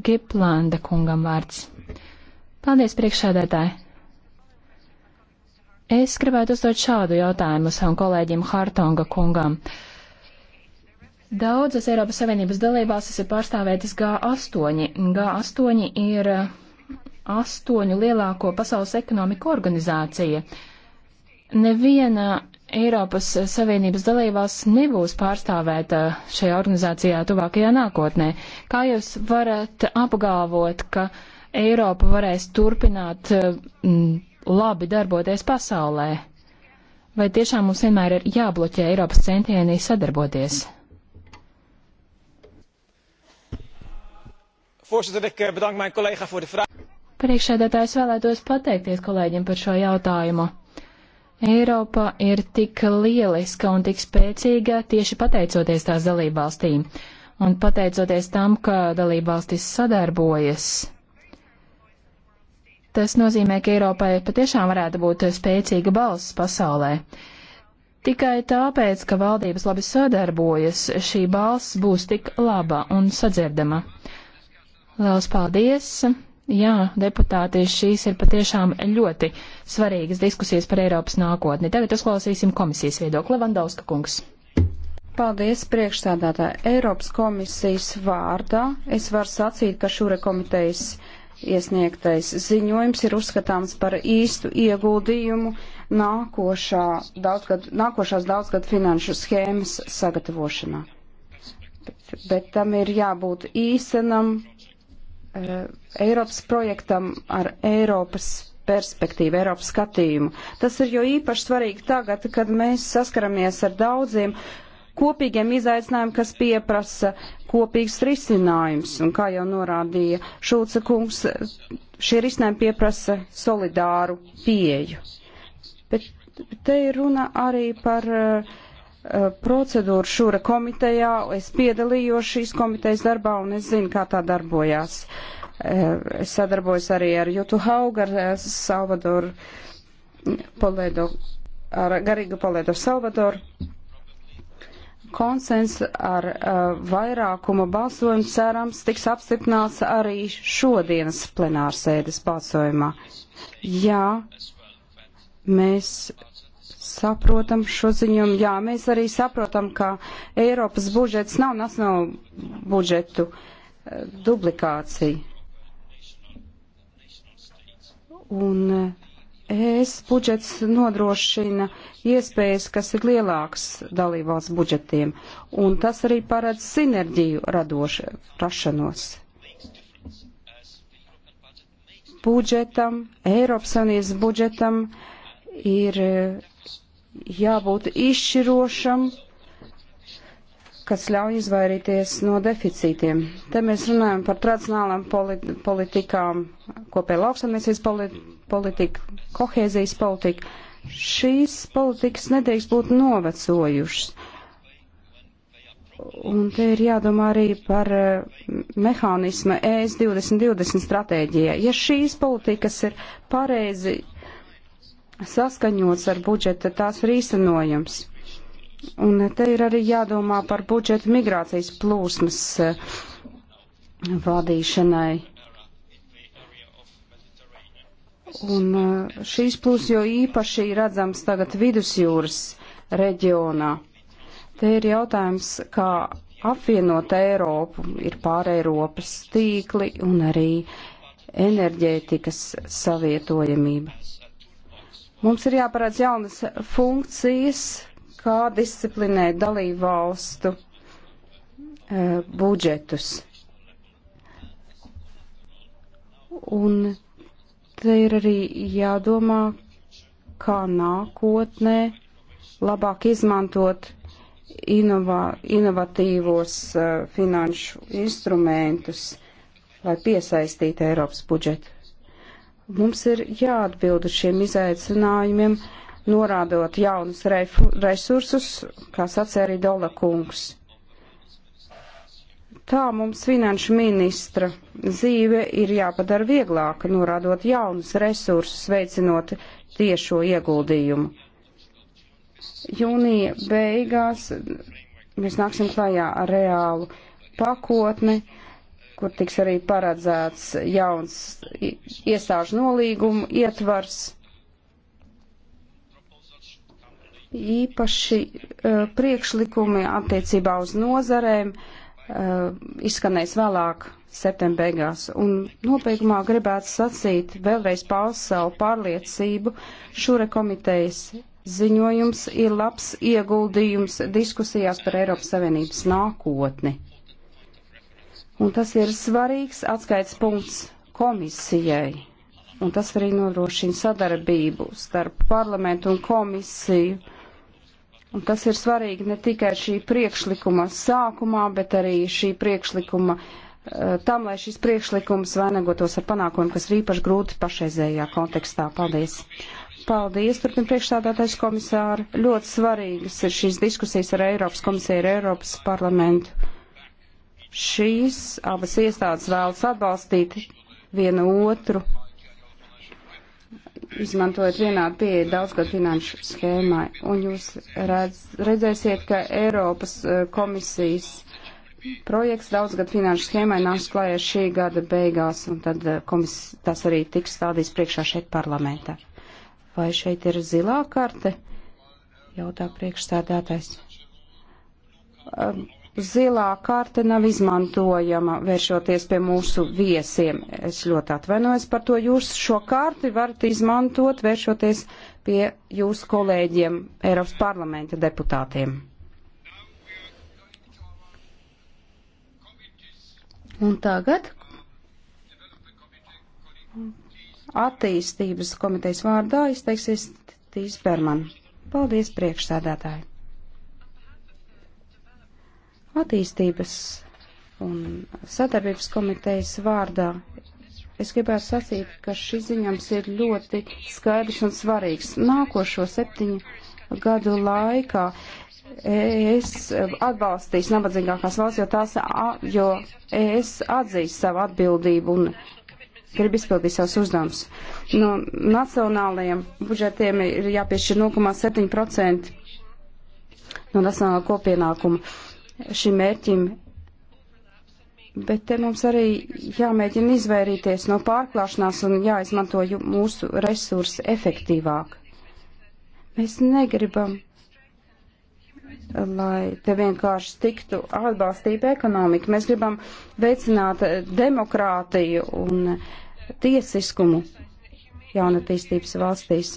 Giplanda kungam vārds. Paldies, priekšsēdētāji! Es gribētu uzdot šādu jautājumu savam kolēģim Hartonga kungam. Daudzas Eiropas Savienības dalībvalstis ir pārstāvētas G8. G8 ir astoņu lielāko pasaules ekonomiku organizācija. Neviena Eiropas Savienības dalībās nebūs pārstāvēta šajā organizācijā tuvākajā nākotnē. Kā jūs varat apgalvot, ka Eiropa varēs turpināt m, mm, labi darboties pasaulē? Vai tiešām mums vienmēr ir jābloķē Eiropas centieni sadarboties? Mm. Voorzitter, ik eh, bedank mijn collega voor de vraag. Priekšsēdētājs vēlētos pateikties kolēģiem par šo jautājumu. Eiropa ir tik lieliska un tik spēcīga tieši pateicoties tās dalībvalstīm un pateicoties tam, ka dalībvalstis sadarbojas. Tas nozīmē, ka Eiropai patiešām varētu būt spēcīga balss pasaulē. Tikai tāpēc, ka valdības labi sadarbojas, šī balss būs tik laba un sadzirdama. Lielas paldies! Jā, deputāti, šīs ir patiešām ļoti svarīgas diskusijas par Eiropas nākotni. Tagad uzklausīsim komisijas viedokli. Levandauska kungs. Paldies, priekšstādātāji. Eiropas komisijas vārdā es varu sacīt, ka šūre komitejas iesniegtais ziņojums ir uzskatāms par īstu ieguldījumu nākošā daudzgad, nākošās daudzgad finanšu schēmas sagatavošanā. Bet, bet tam ir jābūt īstenam, Eh, Eiropas projektam ar Eiropas perspektīvu, Eiropas skatījumu. Tas ir jo īpaši svarīgi tagad, kad mēs saskaramies ar daudziem kopīgiem izaicinājumiem, kas pieprasa kopīgs risinājums. Un kā jau norādīja Šulca kungs, šie risinājumi pieprasa solidāru pieeju. Bet te ir runa arī par uh, Eh, procedūru šura komitejā, es piedalījos šīs komitejas darbā un es zinu, kā tā darbojās. Eh, es sadarbojos arī ar Jutu Haugu, ar eh, Salvadoru Polēdo, ar Garīgu Polēdo Salvadoru. Konsens ar uh, vairākumu balsojumu cerams tiks apstiprināts arī šodienas plenārsēdes balsojumā. Jā, mēs saprotam šo ziņojumu. Jā, mēs arī saprotam, ka Eiropas budžets nav nacionālu budžetu eh, duplikācija. Un eh, ES budžets nodrošina iespējas, kas ir lielāks dalībvalsts budžetiem, un tas arī paredz sinerģiju radošu, rašanos. Budžetam, Eiropas Savienības budžetam ir eh, jābūt izšķirošam, kas ļauj izvairīties no deficītiem. Te mēs runājam par tradicionālām politi politikām, kopēja lauksamniecības politi politika, kohēzijas politika. Šīs politikas nedrīkst būt novecojušas. Un te ir jādomā arī par mehānismu ES 2020 stratēģijai. Ja šīs politikas ir pareizi saskaņots ar budžeta tās ir īstenojums. Un te ir arī jādomā par budžeta migrācijas plūsmas eh, vadīšanai. Un eh, šīs plūsmas jau īpaši redzams tagad vidusjūras reģionā. Te ir jautājums, kā apvienot Eiropu, ir pāreiropas tīkli un arī enerģētikas savietojamība. Mums ir jāparāds jaunas funkcijas, kā disciplinēt dalību valstu uh, eh, budžetus. Un te ir arī jādomā, kā nākotnē labāk izmantot inovā, inovatīvos uh, finanšu instrumentus, lai piesaistītu Eiropas budžetu. Mums ir jāatbild uz šiem izaicinājumiem, norādot jaunus resursus, kā sacīja arī Dola kungs. Tā mums finanšu ministra dzīve ir jāpadara vieglāka, norādot jaunus resursus, veicinot tiešo ieguldījumu. Jūnija beigās mēs nāksim klajā ar reālu pakotni, uh, kur tiks arī paredzēts jauns iestāžu nolīgumu ietvars. Īpaši uh, priekšlikumi attiecībā uz nozarēm uh, izskanēs vēlāk septembra beigās. Un nobeigumā gribētu sacīt, vēlreiz paust savu pārliecību, šure komitejas ziņojums ir labs ieguldījums diskusijās par Eiropas Savienības nākotni. Un tas ir svarīgs atskaits punkts komisijai. Un tas arī nodrošina sadarbību starp parlamentu un komisiju. Un tas ir svarīgi ne tikai šī priekšlikuma sākumā, bet arī šī priekšlikuma eh, tam, lai šis priekšlikums vainagotos ar panākumu, kas ir īpaši grūti pašreizējā kontekstā. Paldies! Paldies, turpin priekšstādātais komisāri. Ļoti svarīgas ir šīs diskusijas ar Eiropas komisiju, ar Eiropas parlamentu. Šīs abas iestādes vēlas atbalstīt vienu otru, izmantojot vienādu pieeju daudzgad finanšu schēmai. Un jūs redz, redzēsiet, ka Eiropas e, komisijas projekts daudzgad finanšu schēmai nāks klājā šī gada beigās, un tad e, komis, tas arī tiks stādīts priekšā šeit parlamentā. Vai šeit ir zilā karte? Jautā priekšstādātais. Um, zilā karte nav izmantojama, vēršoties pie mūsu viesiem. Es ļoti atvainojos par to. Jūs šo karti varat izmantot, vēršoties pie jūsu kolēģiem, Eiropas parlamenta deputātiem. Un tagad attīstības komitejas vārdā izteiksies Tīs Berman. Paldies, priekšsēdētāji! attīstības un sadarbības komitejas vārdā. Es gribētu sacīt, ka šis ziņams ir ļoti skaidrs un svarīgs. Nākošo septiņu gadu laikā es atbalstīšu nabadzīgākās valsts, jo, tās, jo es atzīstu savu atbildību un grib izpildīt savus uzdevumus. No nacionālajiem budžetiem ir jāpiešķir 0,7% no nacionālā kopienākuma. Uh, šim mērķim, bet te mums arī jāmēģina izvairīties no pārklāšanās un jāizmanto mūsu resursi efektīvāk. Mēs negribam, lai te vienkārši tiktu atbalstīta ekonomika. Mēs gribam veicināt eh, demokrātiju un tiesiskumu jaunatīstības valstīs.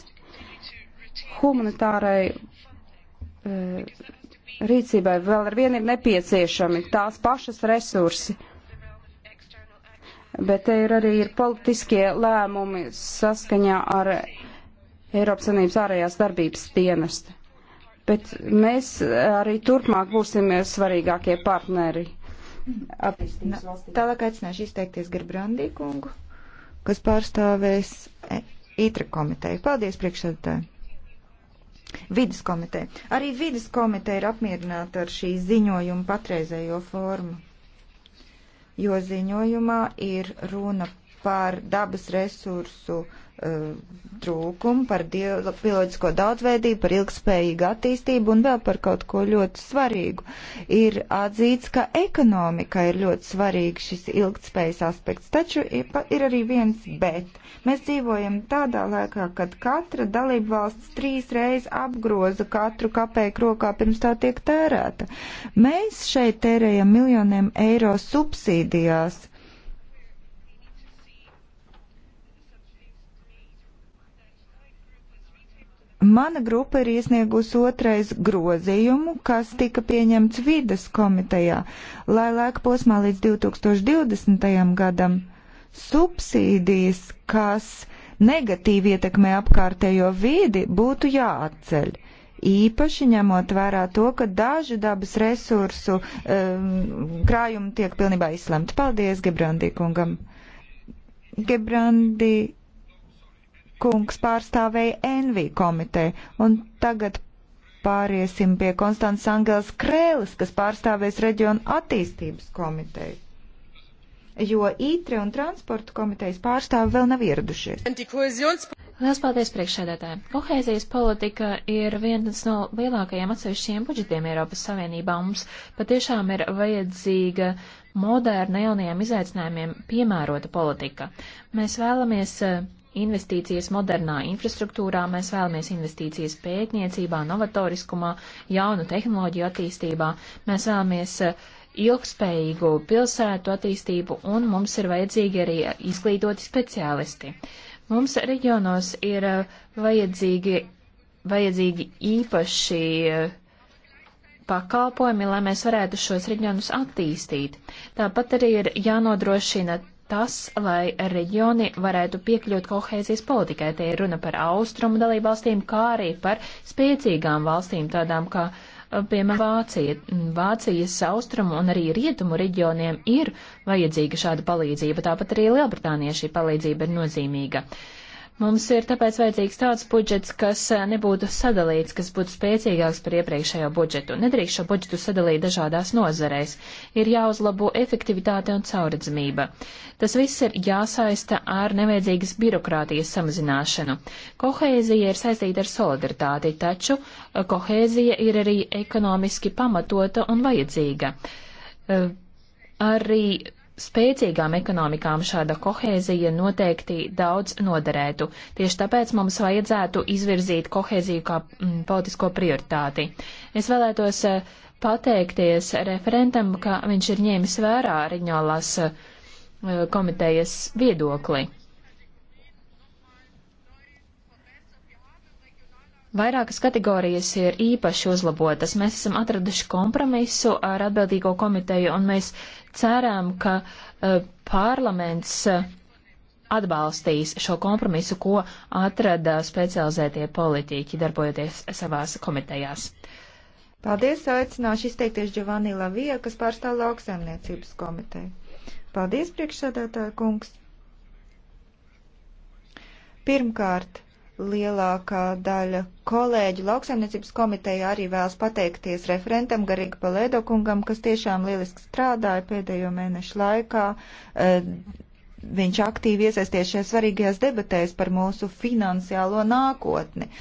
Humanitārai eh, rīcībai vēl ar vienu ir nepieciešami tās pašas resursi. Bet te ir arī ir politiskie lēmumi saskaņā ar Eiropas Savienības ārējās darbības dienestu. Bet mēs arī turpmāk būsim svarīgākie partneri. Tālāk aicināšu izteikties Gerbrandī kungu, kas pārstāvēs e- ITRA komiteju. Paldies priekšsēdētāji! vidas komiteja. Arī vidas komiteja ir apmierināta ar šī ziņojuma patreizējo formu, jo ziņojumā ir runa par dabas resursu uh, Uh, trūkumu, par bioloģisko daudzveidību, par ilgspējīgu attīstību un vēl par kaut ko ļoti svarīgu. Ir atzīts, ka ekonomika ir ļoti svarīga šis ilgspējas aspekts, taču ir arī viens bet. Mēs dzīvojam tādā laikā, kad katra dalība valsts trīs reizes apgroza katru kapēku rokā pirms tā tiek tērēta. Mēs šeit tērējam miljoniem eiro subsīdijās Mana grupa ir iesniegusi otrais grozījumu, kas tika pieņemts vides komitejā, lai laika posmā līdz 2020. gadam subsīdijas, kas negatīvi ietekmē apkārtējo vidi, būtu jāatceļ. Īpaši ņemot vērā to, ka daži dabas resursu um, krājumi tiek pilnībā izslemti. Paldies Gebrandī kungam. Gebrandī kungs pārstāvēja Envi komiteju, un tagad pāriesim pie Konstants Angels Krēlis, kas pārstāvēs reģionu attīstības komiteju. Jo ITRE un transporta komitejas pārstāvi vēl nav ieradušies. Lielas paldies priekšsēdētājiem. Kohēzijas politika ir viens no lielākajiem atsevišķiem budžetiem Eiropas Savienībā. Mums patiešām ir vajadzīga moderna jaunajiem izaicinājumiem piemērota politika. Mēs vēlamies eh, investīcijas modernā infrastruktūrā, mēs vēlamies investīcijas pētniecībā, novatoriskumā, jaunu tehnoloģiju attīstībā, mēs vēlamies eh, ilgspējīgu pilsētu attīstību un mums ir vajadzīgi arī izglītoti speciālisti. Mums reģionos ir eh, vajadzīgi, vajadzīgi īpaši eh, pakalpojumi, lai mēs varētu šos reģionus attīstīt. Tāpat arī ir jānodrošina tas, lai reģioni varētu piekļūt kohēzijas politikai. Te ir runa par austrumu dalību valstīm, kā arī par spēcīgām valstīm, tādām kā, eh, piemēram, Vācija. Vācijas austrumu un arī rietumu reģioniem ir vajadzīga šāda palīdzība, tāpat arī Lielbritānijai šī palīdzība ir nozīmīga. Uh, Mums ir tāpēc vajadzīgs tāds budžets, kas eh, nebūtu sadalīts, kas būtu spēcīgāks par iepriekšējo budžetu. Nedrīkst šo budžetu sadalīt dažādās nozarēs. Ir jāuzlabo efektivitāte un cauredzamība. Tas viss ir jāsaista ar nevajadzīgas birokrātijas samazināšanu. Kohēzija ir saistīta ar solidaritāti, taču eh, kohēzija ir arī ekonomiski pamatota un vajadzīga. Eh, arī spēcīgām ekonomikām šāda kohēzija noteikti daudz noderētu. Tieši tāpēc mums vajadzētu izvirzīt kohēziju kā m, mm, politisko prioritāti. Es vēlētos eh, pateikties referentam, ka viņš ir ņēmis vērā Riņolas eh, komitejas viedokli. Vairākas kategorijas ir īpaši uzlabotas. Mēs esam atraduši kompromisu ar atbildīgo komiteju, un mēs ceram, ka e, parlaments e, atbalstīs šo kompromisu, ko atrada specializētie politiķi, darbojoties savās komitejās. Paldies, aicināšu izteikties Giovanni Lavija, kas pārstāv lauksaimniecības komiteju. Paldies, priekšsādātāja kungs. Pirmkārt, Lielākā daļa kolēģu lauksaimniecības komiteja arī vēlas pateikties referentam Garīga Palēdo kungam, kas tiešām lieliski strādāja pēdējo mēnešu laikā. Eh, viņš aktīvi iesaisties šajās svarīgajās debatēs par mūsu finansiālo nākotni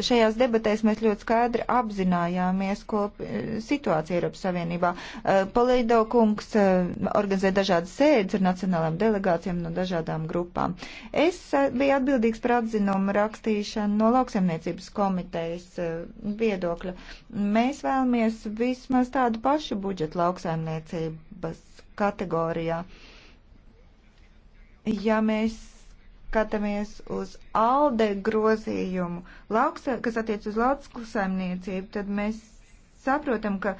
šajās debatēs mēs ļoti skaidri apzinājāmies, ko e, situācija Eiropas Savienībā. E, Palīdo kungs e, organizē dažādas sēdes ar nacionālām delegācijām no dažādām grupām. Es biju atbildīgs par atzinumu rakstīšanu no lauksaimniecības komitejas viedokļa. Mēs vēlamies vismaz tādu pašu budžetu lauksaimniecības kategorijā. Ja mēs skatāmies uz ALDE grozījumu, lauksa, kas attiec uz lauksku saimniecību, tad mēs saprotam, ka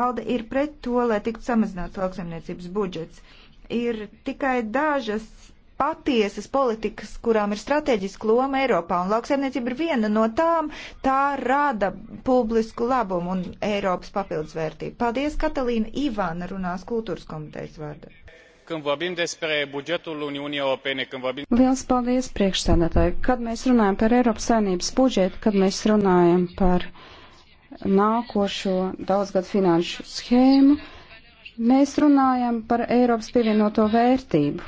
ALDE ir pret to, lai tiktu samazināts lauksaimniecības budžets. Ir tikai dažas patiesas politikas, kurām ir strateģiska loma Eiropā, un lauksaimniecība ir viena no tām, tā rada publisku labumu un Eiropas papildusvērtību. Paldies, Katalīna Ivāna runās kultūras komitejas vārdā când vorbim despre bugetul Uniunii Europene, când vorbim... Liels paldies priekšsēdētāji. Kad mēs runājam par Eiropas saimnības budžetu, kad mēs runājam par nākošo daudzgadu finanšu schēmu, mēs runājam par Eiropas pievienoto vērtību.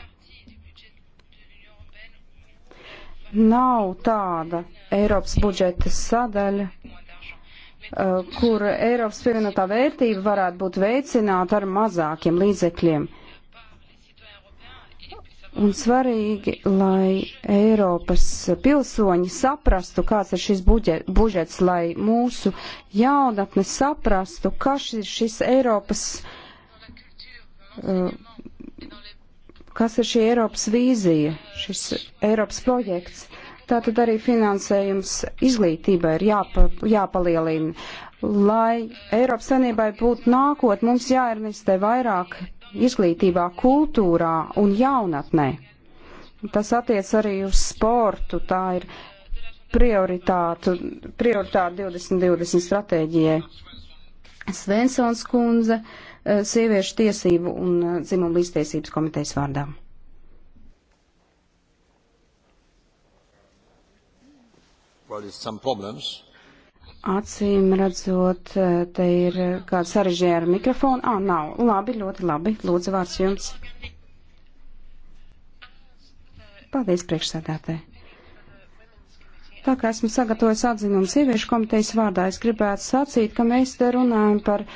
Nav tāda Eiropas budžeta sadaļa, eh, kur Eiropas pievienotā vērtība varētu būt veicināta ar mazākiem līdzekļiem. Un svarīgi, lai Eiropas pilsoņi saprastu, kāds ir šis budžets, lai mūsu jaunatne saprastu, kas ir šis Eiropas, uh, kas ir šī Eiropas vīzija, šis Eiropas projekts. Tātad arī finansējums izglītībai ir jāpa, jāpalielina lai Eiropas Savienībai būtu nākot, mums jāinvestē vairāk izglītībā, kultūrā un jaunatnē. Tas attiec arī uz sportu, tā ir prioritāte 2020 stratēģijai. Svensons kundze, eh, sieviešu tiesību un eh, dzimumu līdztiesības komitejas vārdā. Well, it's some problems. Acīm redzot, eh, te ir eh, kāds sarežģījumi ar mikrofonu. Ā, nav. Labi, ļoti labi. Lūdzu, vārds jums. Paldies, priekšsēdētē. Tā kā esmu sagatavojis atzinumu sieviešu komitejas vārdā, es gribētu sacīt, ka mēs te runājam par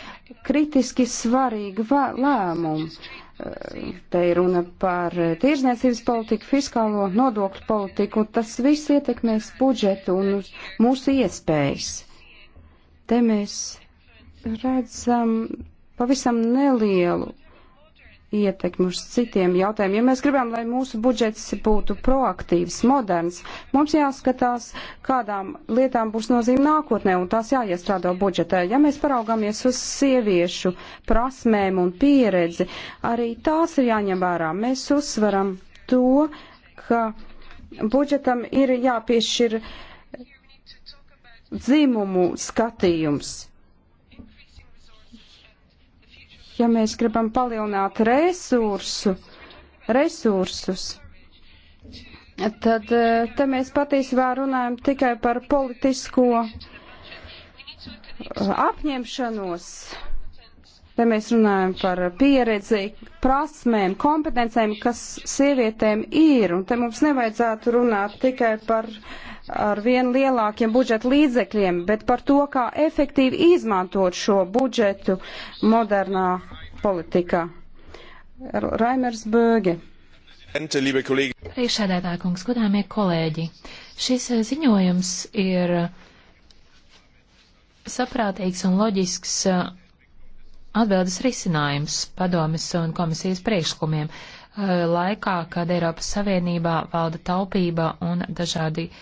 kritiski svarīgu lēmumu. Eh, te ir runa par tirzniecības politiku, fiskālo nodokļu politiku, un tas viss ietekmēs budžetu un mūsu iespējas Te mēs redzam pavisam nelielu ietekmi uz citiem jautājumiem. Ja mēs gribam, lai mūsu budžets būtu proaktīvs, moderns, mums jāskatās, kādām lietām būs nozīme nākotnē, un tās jāiestrādā budžetā. Ja mēs paraugamies uz sieviešu prasmēm un pieredzi, arī tās ir jāņem vērā. Mēs uzsveram to, ka budžetam ir jāpiešķir. Uh, dzimumu skatījums. Ja mēs gribam palielināt resursu, resursus, tad eh, te mēs patiesībā runājam tikai par politisko eh, apņemšanos. Te mēs runājam par pieredzi, prasmēm, kompetencēm, kas sievietēm ir. Un te mums nevajadzētu runāt tikai par uh, ar vien lielākiem budžeta līdzekļiem, bet par to, kā efektīvi izmantot šo budžetu modernā politikā. Raimers Böge. Priekšsēdētāja kungs, godāmie kolēģi, šis eh, ziņojums ir eh, saprātīgs un loģisks eh, atbildes risinājums padomis un komisijas priekšlikumiem laikā, kad Eiropas Savienībā valda taupība un dažādi uh,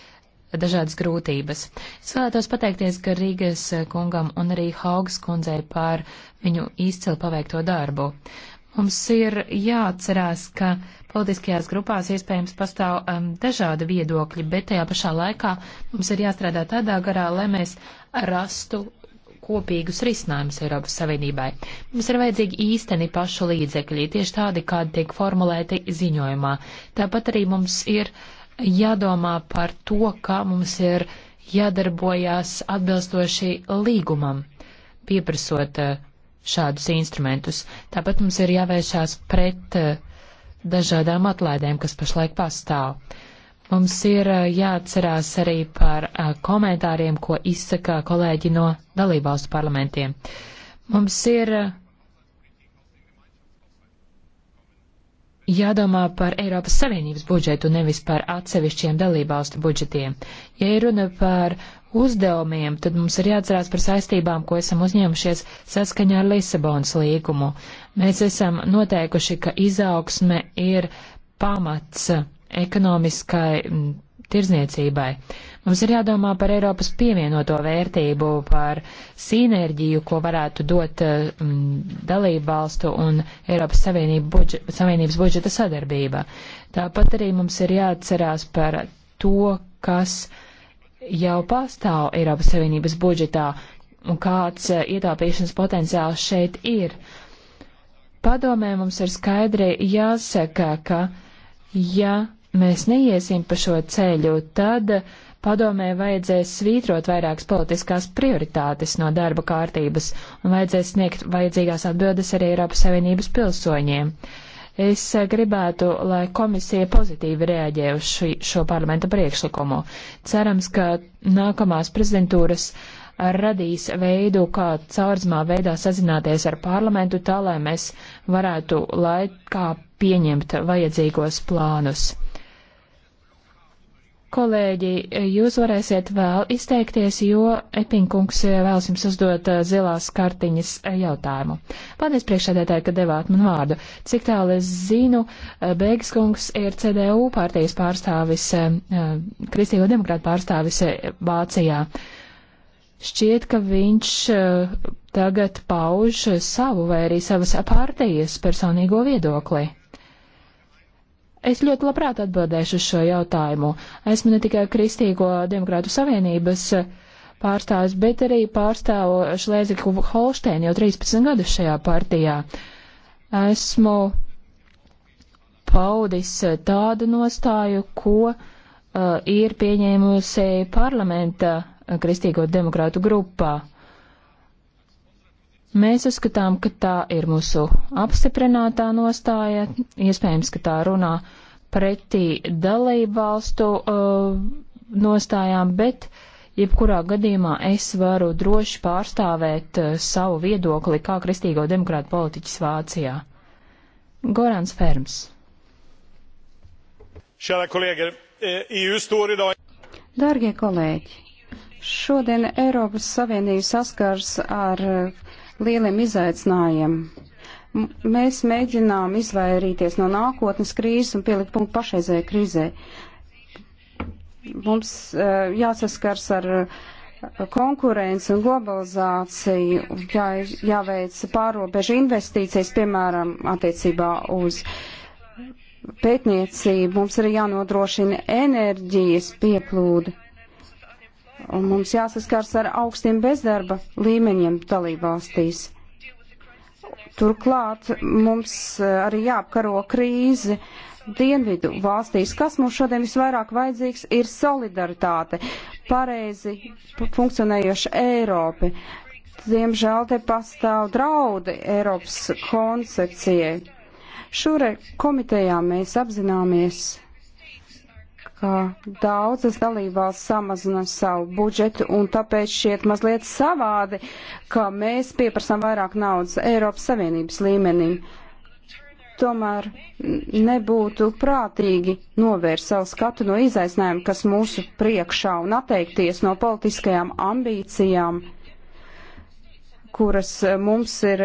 dažādas grūtības. Es vēlētos pateikties Garīgas kungam un arī Haugas kundzei par viņu izcilu paveikto darbu. Mums ir jāatcerās, ka politiskajās grupās iespējams pastāv um, dažādi viedokļi, bet tajā pašā laikā mums ir jāstrādā tādā garā, lai mēs rastu kopīgus risinājumus Eiropas Savienībai. Mums ir vajadzīgi īsteni pašu līdzekļi, tieši tādi, kādi tiek formulēti ziņojumā. Tāpat arī mums ir uh, jādomā par to, kā mums ir jādarbojās atbilstoši līgumam, pieprasot eh, šādus instrumentus. Tāpat mums ir jāvēršās pret eh, dažādām atlaidēm, kas pašlaik pastāv. Mums ir eh, jāatcerās arī par komentāriem, ko izsaka kolēģi no dalībvalstu parlamentiem. Mums ir jādomā par Eiropas Savienības budžetu, nevis par atsevišķiem dalībvalstu budžetiem. Ja ir runa par uzdevumiem, tad mums ir jāatcerās par saistībām, ko esam uzņēmušies saskaņā ar Lisabonas līgumu. Mēs esam noteikuši, ka izaugsme ir pamats ekonomiskai m, tirzniecībai. Uh, Mums ir jādomā par Eiropas pievienoto vērtību, par sinerģiju, ko varētu dot mm, dalību valstu un Eiropas budžet, Savienības budžeta sadarbība. Tāpat arī mums ir jāatcerās par to, kas jau pastāv Eiropas Savienības budžetā un kāds eh, ietaupīšanas potenciāls šeit ir. Padomē mums ir skaidri jāsaka, ka ja mēs neiesim pa šo ceļu, tad uh, Padomē vajadzēs svītrot vairākas politiskās prioritātes no darba kārtības un vajadzēs sniegt vajadzīgās atbildes arī Eiropas Savienības pilsoņiem. Es eh, gribētu, lai komisija pozitīvi reaģē uz ši, šo parlamenta priekšlikumu. Cerams, ka nākamās prezidentūras radīs veidu, kā caurzmā veidā sazināties ar parlamentu, tā lai mēs varētu laikā pieņemt vajadzīgos plānus. Kolēģi, jūs varēsiet vēl izteikties, jo Epinkungs vēlas jums uzdot eh, zilās kartiņas eh, jautājumu. Paldies priekšsēdētāji, ka devāt man vārdu. Cik tālu es zinu, eh, Bēgskungs ir CDU partijas pārstāvis, Kristīgo demokrātu pārstāvis Vācijā. Šķiet, ka viņš tagad pauž savu vai arī savas partijas personīgo viedokli. Es ļoti labprāt atbildēšu uz šo jautājumu. Esmu ne tikai Kristīgo demokrātu savienības eh, pārstāvis, bet arī pārstāvu Šlēziku Holšteinu jau 13 gadus šajā partijā. Esmu paudis eh, tādu nostāju, ko uh, ir pieņēmusi parlamenta Kristīgo demokrātu grupā. Mēs uzskatām, ka tā ir mūsu apstiprinātā nostāja, iespējams, ka tā runā pretī dalību valstu uh, nostājām, bet jebkurā gadījumā es varu droši pārstāvēt uh, savu viedokli kā kristīgo demokrātu politiķis Vācijā. Gorans Ferms. Eh, Dārgie kolēģi, šodien Eiropas Savienība saskars ar uh, lieliem izaicinājumiem. Mēs mēģinām izvairīties no nākotnes krīzes un pielikt punktu pašreizējai krīzē. Mums uh, jāsaskars ar uh, e, konkurence un globalizācija, jā, jāveic pārobežu investīcijas, piemēram, attiecībā uz pētniecību. Mums arī jānodrošina enerģijas pieplūde un mums jāsaskars ar augstiem bezdarba līmeņiem dalībvalstīs. Turklāt mums eh, arī jāapkaro krīzi dienvidu valstīs. Kas mums šodien visvairāk vajadzīgs ir solidaritāte, pareizi funkcionējoša Eiropa. Diemžēl te pastāv draudi Eiropas koncepcijai. Šure komitejā mēs apzināmies ka daudzas dalībvalsts samazina savu budžetu, un tāpēc šiet mazliet savādi, ka mēs pieprasām vairāk naudas Eiropas Savienības līmenī. Tomēr nebūtu prātīgi novērst savu skatu no izaicinājuma, kas mūsu priekšā, un atteikties no politiskajām ambīcijām, kuras mums ir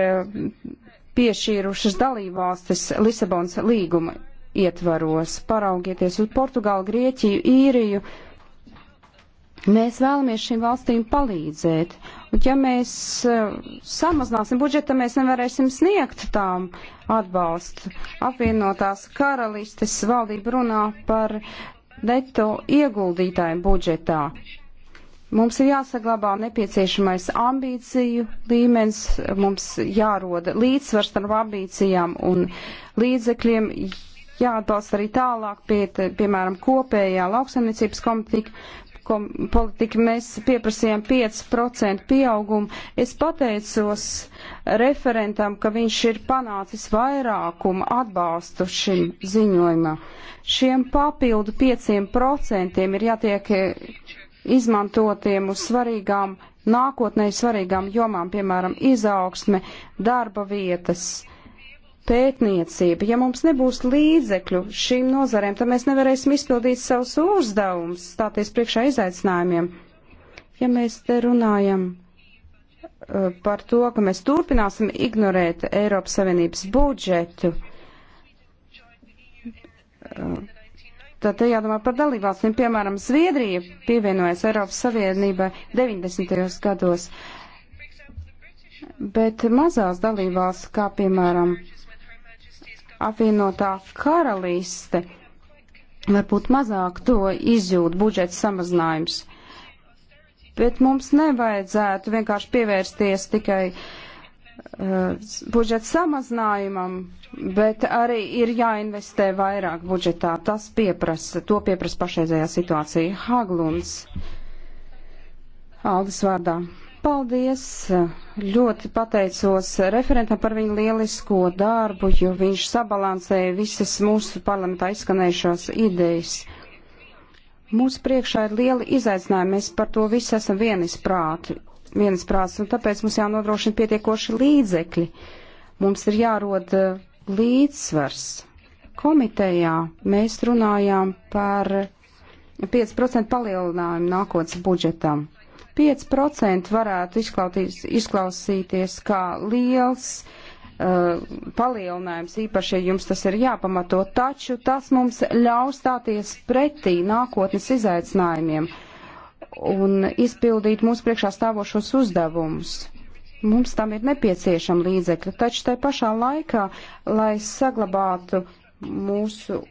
piešķīrušas dalībvalstis Lisabonas līguma ietvaros. Paraugieties uz Portugālu, Grieķiju, Īriju. Mēs vēlamies šīm valstīm palīdzēt. Un ja mēs uh, samazināsim budžetu, mēs nevarēsim sniegt tām atbalstu. Apvienotās karalistes valdība runā par neto ieguldītāju budžetā. Mums ir jāsaglabā nepieciešamais ambīciju līmenis, mums jāroda līdzsvars starp ambīcijām un līdzekļiem, jāatbalsta arī tālāk, pie, piemēram, kopējā lauksaimniecības politika. Kom, politika mēs pieprasījām 5% pieaugumu. Es pateicos referentam, ka viņš ir panācis vairākumu atbalstu šim ziņojumam. Šiem papildu 5% ir jātiek e, izmantotiem uz svarīgām nākotnē svarīgām jomām, piemēram, izaugsme, darba vietas, uh, pētniecība. Ja mums nebūs līdzekļu šīm nozarēm, tad mēs nevarēsim izpildīt savus uzdevumus, stāties priekšā izaicinājumiem. Ja mēs te runājam eh, par to, ka mēs turpināsim ignorēt Eiropas Savienības budžetu, eh, tad te jādomā par dalībvalstīm. Piemēram, Zviedrija pievienojas Eiropas Savienībai 90. gados, bet mazās dalībvalsts, kā piemēram apvienotā karaliste varbūt mazāk to izjūt budžeta samazinājums. Bet mums nevajadzētu vienkārši pievērsties tikai uh, budžeta samazinājumam, bet arī ir jāinvestē vairāk budžetā. Tas pieprasa, to pieprasa pašreizējā situācija. Haglunds, Aldis vārdā. Paldies! Ļoti pateicos referentam par viņu lielisko darbu, jo viņš sabalansēja visas mūsu parlamentā izskanējušās idejas. Mūsu priekšā ir lieli izaicinājumi, mēs par to visi esam vienisprāti, vienisprāts, un tāpēc mums jānodrošina pietiekoši līdzekļi. Mums ir jārod eh, līdzsvars. Komitejā mēs runājām par 5% palielinājumu nākotnes budžetam 5% varētu izklausīties kā liels uh, palielinājums, īpaši, ja jums tas ir jāpamato, taču tas mums ļaus stāties pretī nākotnes izaicinājumiem un izpildīt mūsu priekšā stāvošos uzdevumus. Mums tam ir nepieciešama līdzekļa, taču tai pašā laikā, lai saglabātu mūsu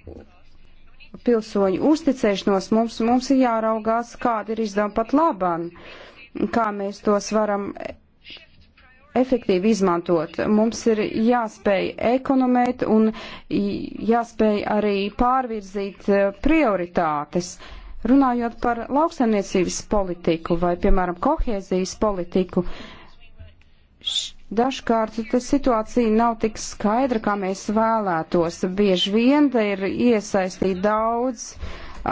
pilsoņu uzticēšanos, mums, mums ir jāraugās, kāda ir izdevuma pat labam, kā mēs tos varam efektīvi izmantot. Mums ir jāspēj ekonomēt un jāspēj arī pārvirzīt eh, prioritātes. Runājot par lauksaimniecības politiku vai, piemēram, kohēzijas politiku, š Dažkārt situācija nav tik skaidra, kā mēs vēlētos. Bieži vien te ir iesaistīta daudz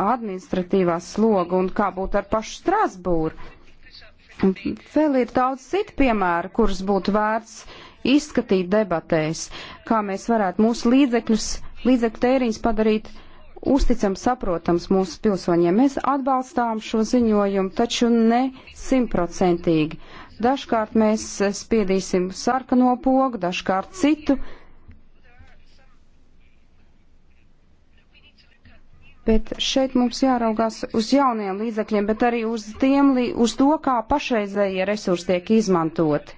administratīvā sloga un kā būtu ar pašu Strasbūru. Vēl ir daudz citu piemēru, kurus būtu vērts izskatīt debatēs, kā mēs varētu mūsu līdzekļus, līdzekļu tēriņus padarīt uzticams, saprotams mūsu pilsoņiem. Mēs atbalstām šo ziņojumu, taču ne simtprocentīgi. Dažkārt mēs eh, spiedīsim sarkano pogu, dažkārt citu. Bet šeit mums jāraugās uz jauniem līdzekļiem, bet arī uz, tiem, uz to, kā pašreizējie resursi tiek izmantoti.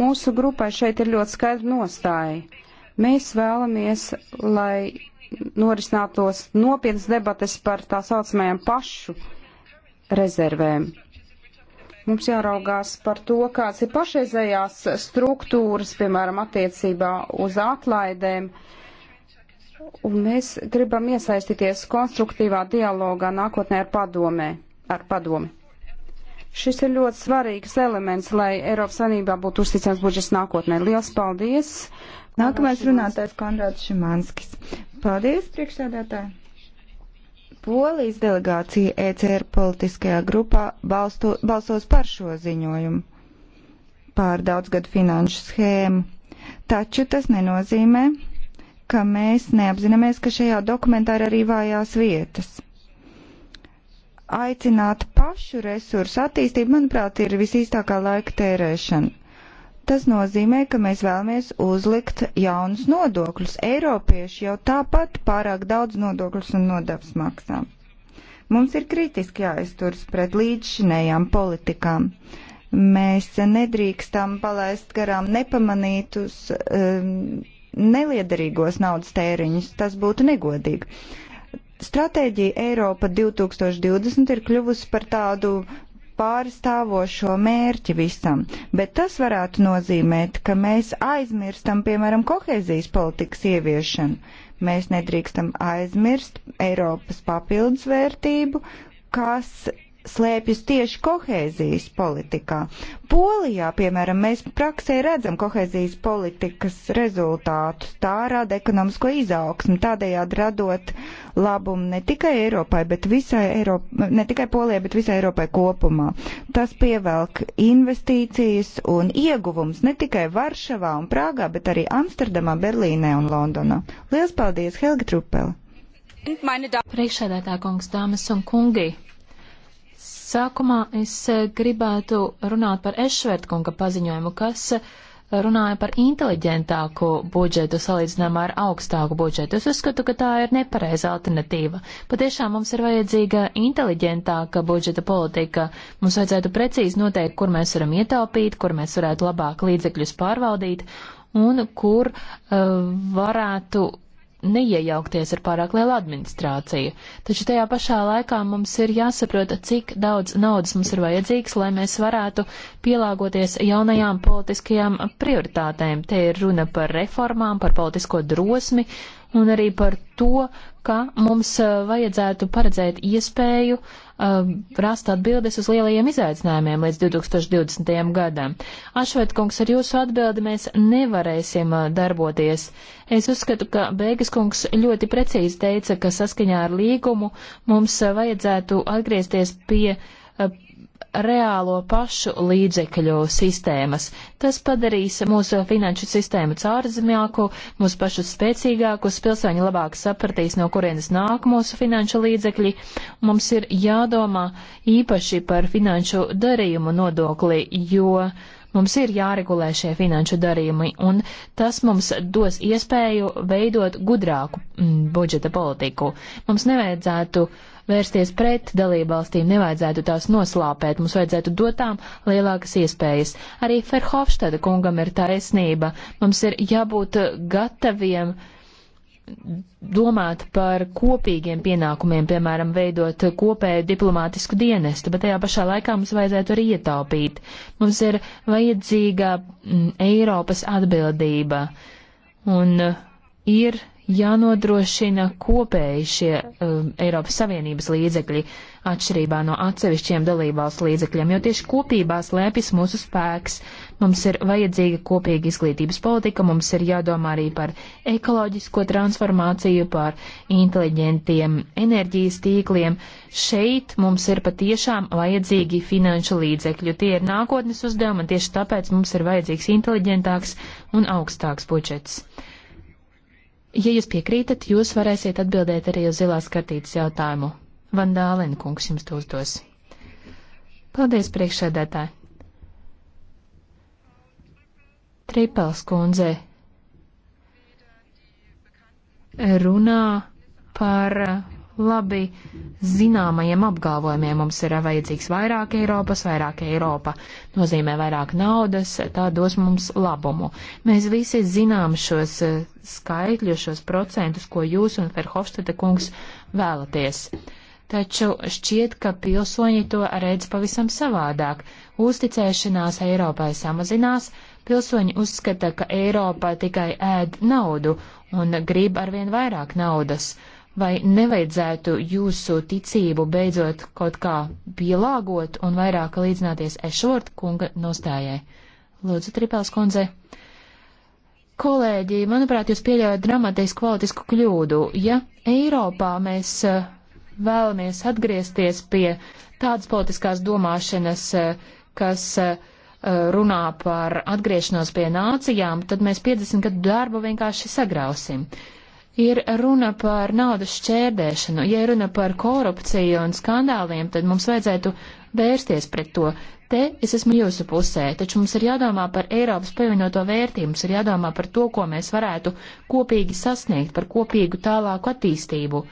Mūsu grupai šeit ir ļoti skaidra nostāja. Mēs vēlamies, lai norisinātos nopietnas debates par tā saucamajām pašu rezervēm. Mums jāraugās par to, kāds ir pašreizējās struktūras, piemēram, attiecībā uz atlaidēm. Un mēs gribam iesaistīties konstruktīvā dialogā nākotnē ar, padomē, ar padomi. Šis ir ļoti svarīgs elements, lai Eiropas Savienībā būtu uzticams budžets nākotnē. Lielas paldies! Nākamais runātājs Konrāds Šimanskis. Paldies, priekšsēdētāji! Polijas delegācija ECR politiskajā grupā balsto, balsos par šo ziņojumu pār daudzgadu finanšu schēmu. Taču tas nenozīmē, ka mēs neapzināmies, ka šajā dokumentā ir arī vājās vietas. Aicināt pašu resursu attīstību, manuprāt, ir visīstākā laika tērēšana. Tas nozīmē, ka mēs vēlamies uzlikt jaunus nodokļus. Eiropieši jau tāpat pārāk daudz nodokļus un nodevs maksā. Mums ir kritiski jāizturas pret līdzšinējām politikām. Mēs nedrīkstam palaist garām nepamanītus um, neliederīgos naudas tēriņus. Tas būtu negodīgi. Stratēģija Eiropa 2020 ir kļuvusi par tādu pārstāvošo mērķi visam, bet tas varētu nozīmēt, ka mēs aizmirstam, piemēram, kohēzijas politikas ieviešanu. Mēs nedrīkstam aizmirst Eiropas papildus vērtību, kas slēpjas tieši kohēzijas politikā. Polijā, piemēram, mēs praksē redzam kohēzijas politikas rezultātus. Tā rada ekonomisko izaugsmu, tādējādi radot labumu ne tikai Eiropai, bet visai Eiropai, ne tikai Polijai, bet visai Eiropai kopumā. Tas pievelk investīcijas un ieguvums ne tikai Varšavā un Prāgā, bet arī Amsterdamā, Berlīnē un Londonā. Lielas paldies, Helga Trupele! Priekšsēdētā kungs, dāmas un kungi! Sākumā es eh, gribētu runāt par Ešvertkunga paziņojumu, kas eh, runāja par inteliģentāku budžetu salīdzinājumā ar augstāku budžetu. Es uzskatu, ka tā ir nepareiza alternatīva. Patiešām mums ir vajadzīga inteliģentāka budžeta politika. Mums vajadzētu precīzi noteikt, kur mēs varam ietaupīt, kur mēs varētu labāk līdzekļus pārvaldīt un kur uh, varētu neiejaukties ar pārāk lielu administrāciju, taču tajā pašā laikā mums ir jāsaprot, cik daudz naudas mums ir vajadzīgs, lai mēs varētu pielāgoties jaunajām politiskajām prioritātēm. Te ir runa par reformām, par politisko drosmi, un arī par to, ka mums uh, vajadzētu paredzēt iespēju uh, rast atbildes uz lielajiem izaicinājumiem līdz 2020. gadam. Ašvetkungs, ar jūsu atbildi mēs nevarēsim uh, darboties. Es uzskatu, ka Beigas kungs ļoti precīzi teica, ka saskaņā ar līgumu mums uh, vajadzētu atgriezties pie uh, reālo pašu līdzekļu sistēmas. Tas padarīs mūsu finanšu sistēmu caurzemjāku, mūsu pašus spēcīgākus, pilsēņi labāk sapratīs, no kurienes nāk mūsu finanšu līdzekļi. Mums ir jādomā īpaši par finanšu darījumu nodokli, jo mums ir jāregulē šie finanšu darījumi, un tas mums dos iespēju veidot gudrāku mm, budžeta politiku. Mums nevajadzētu uh, vērsties pret dalībvalstīm, nevajadzētu tās noslāpēt, mums vajadzētu dot tām lielākas iespējas. Arī Ferhofstada kungam ir taisnība, mums ir jābūt gataviem domāt par kopīgiem pienākumiem, piemēram, veidot kopēju diplomātisku dienestu, bet tajā pašā laikā mums vajadzētu arī ietaupīt. Mums ir vajadzīga mm, Eiropas atbildība un uh, ir jānodrošina kopēji šie um, Eiropas Savienības līdzekļi atšķirībā no atsevišķiem dalībvalstu līdzekļiem, jo tieši kopībā slēpjas mūsu spēks. Mums ir vajadzīga kopīga izglītības politika, mums ir jādomā arī par ekoloģisko transformāciju, par inteliģentiem enerģijas tīkliem. Šeit mums ir patiešām vajadzīgi finanšu līdzekļu. Tie ir nākotnes uzdevumi, un tieši tāpēc mums ir vajadzīgs inteliģentāks un augstāks budžets. Ja jūs piekrītat, jūs varēsiet atbildēt arī uz zilās kartītes jautājumu. Vandālēna kungs jums to uzdos. Paldies, priekšsēdētāji. Tripels kundze runā par labi zināmajiem apgalvojumiem. Mums ir vajadzīgs vairāk Eiropas, vairāk Eiropa nozīmē vairāk naudas, tā dos mums labumu. Mēs visi zinām šos eh, skaitļus, šos procentus, ko jūs un Ferhofstede kungs vēlaties. Taču šķiet, ka pilsoņi to redz pavisam savādāk. Uzticēšanās Eiropai samazinās, pilsoņi uzskata, ka Eiropā tikai ēd naudu un grib arvien vairāk naudas vai nevajadzētu jūsu ticību beidzot kaut kā pielāgot un vairāk līdzināties Ešvort kunga nostājai? Lūdzu, Tripels kundze. Kolēģi, manuprāt, jūs pieļaujat dramatisku politisku kļūdu. Ja Eiropā mēs eh, vēlamies atgriezties pie tādas politiskās domāšanas, eh, kas eh, runā par atgriešanos pie nācijām, tad mēs 50 gadu darbu vienkārši sagrausim. Uh, ir runa par naudas šķērdēšanu, ja runa par korupciju un skandāliem, tad mums vajadzētu vērsties pret to. Te es esmu jūsu pusē, taču mums ir jādomā par Eiropas pievienoto vērtību, mums ir jādomā par to, ko mēs varētu kopīgi sasniegt, par kopīgu tālāku attīstību.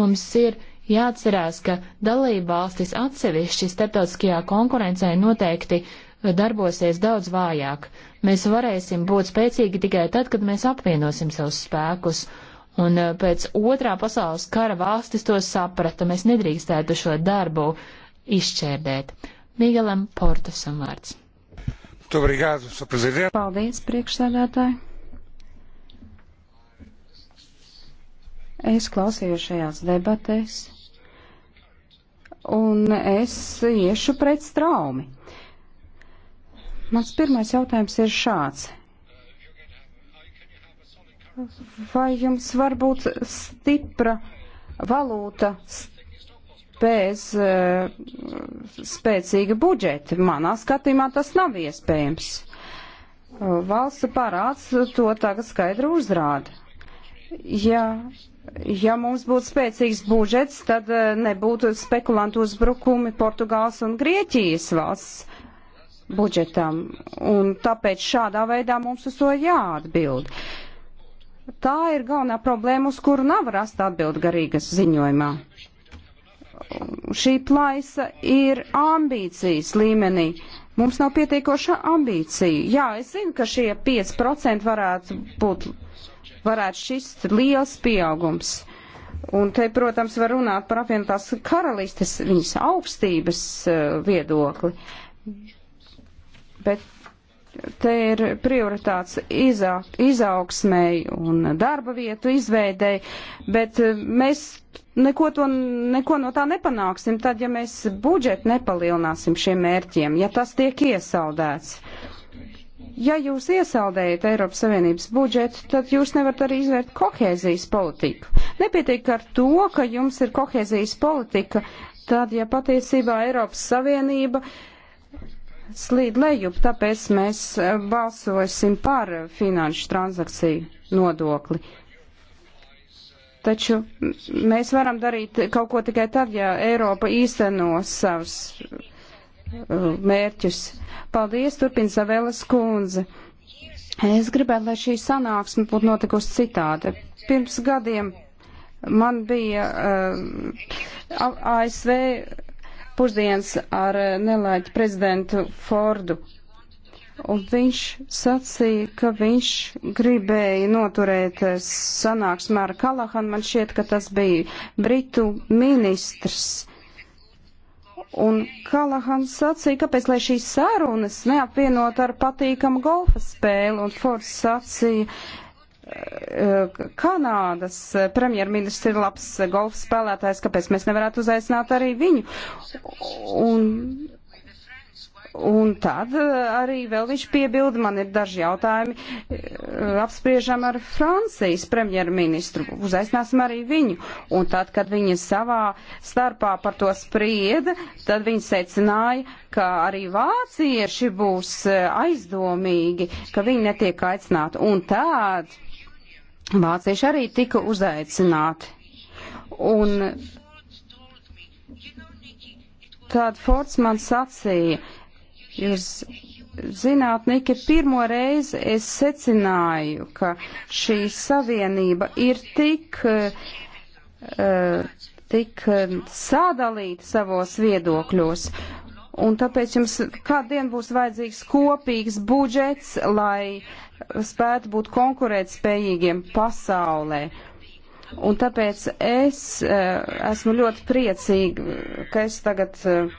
Mums ir jāatcerās, ka dalība valstis atsevišķi starptautiskajā konkurencē noteikti darbosies daudz vājāk. Mēs varēsim būt spēcīgi tikai tad, kad mēs apvienosim savus spēkus Un eh, pēc otrā pasaules kara valstis to saprata, mēs nedrīkstētu šo darbu izšķērdēt. Miguelam Portasam vārds. Obrigado, Paldies, priekšsēdētāji. Es klausījos šajās debatēs, un es iešu pret straumi. Mans pirmais jautājums ir šāds. Vai jums var būt stipra valūta bez eh, spēcīga budžeta? Manā skatījumā tas nav iespējams. Valsts parāds to tagad skaidri uzrāda. Ja, ja mums būtu spēcīgs budžets, tad eh, nebūtu spekulantu uzbrukumi Portugāles un Grieķijas valsts budžetam. Un tāpēc šādā veidā mums uz to jāatbild. Uh, tā ir galvenā problēma, uz kuru nav rasta atbild garīgas ziņojumā. Šī plaisa ir ambīcijas līmenī. Mums nav pietiekoša ambīcija. Jā, es zinu, ka šie 5% varētu būt, varētu šis liels pieaugums. Un te, protams, var runāt par apvienotās karalistes, viņas augstības uh, viedokli. Bet Te ir prioritāts iza, izaugsmēji un darba vietu izveidēji, bet e, mēs neko, to, neko no tā nepanāksim, tad, ja mēs budžetu nepalielināsim šiem mērķiem, ja tas tiek iesaldēts. Ja jūs iesaldējat Eiropas Savienības budžetu, tad jūs nevarat arī izvērt kohēzijas politiku. Nepietiek ar to, ka jums ir kohēzijas politika, tad, ja patiesībā Eiropas Savienība uh, slīd lejup, tāpēc mēs e, balsosim par finanšu transakciju nodokli. Taču mēs varam darīt kaut ko tikai tad, ja Eiropa īsteno savus e, mērķus. Paldies, turpina Zavēlas kundze. Es gribētu, lai šī sanāksme būtu notikusi citādi. Pirms gadiem man bija uh, e, ASV pusdienas ar eh, nelaiķu prezidentu Fordu. Un viņš sacīja, ka viņš gribēja noturēt eh, sanāksmē ar Kalahanu. Man šķiet, ka tas bija Britu ministrs. Un Kalahans sacīja, kāpēc lai šīs sarunas neapvienot ar patīkamu golfa spēli. Un Fords sacīja, uh, Eh, Kanādas premjerministrs ir labs golfa spēlētājs, kāpēc mēs nevarētu uzaicināt arī viņu. Un, un tad arī vēl viņš piebilda, man ir daži jautājumi, eh, apspriežam ar Francijas premjerministru, uzaicināsim arī viņu. Un tad, kad viņi savā starpā par to sprieda, tad viņi secināja, ka arī vācieši būs eh, aizdomīgi, ka viņi netiek aicināti. Un tad. Tād Vācieši arī tika uzaicināti. Un tad Fords man sacīja, jūs zinātnieki, pirmo reizi es secināju, ka šī savienība ir tik, eh, tik sadalīta savos viedokļos. Un tāpēc jums kādien būs vajadzīgs kopīgs budžets, lai uh, spētu būt konkurētspējīgiem pasaulē. Un tāpēc es eh, esmu ļoti priecīga, ka es tagad eh,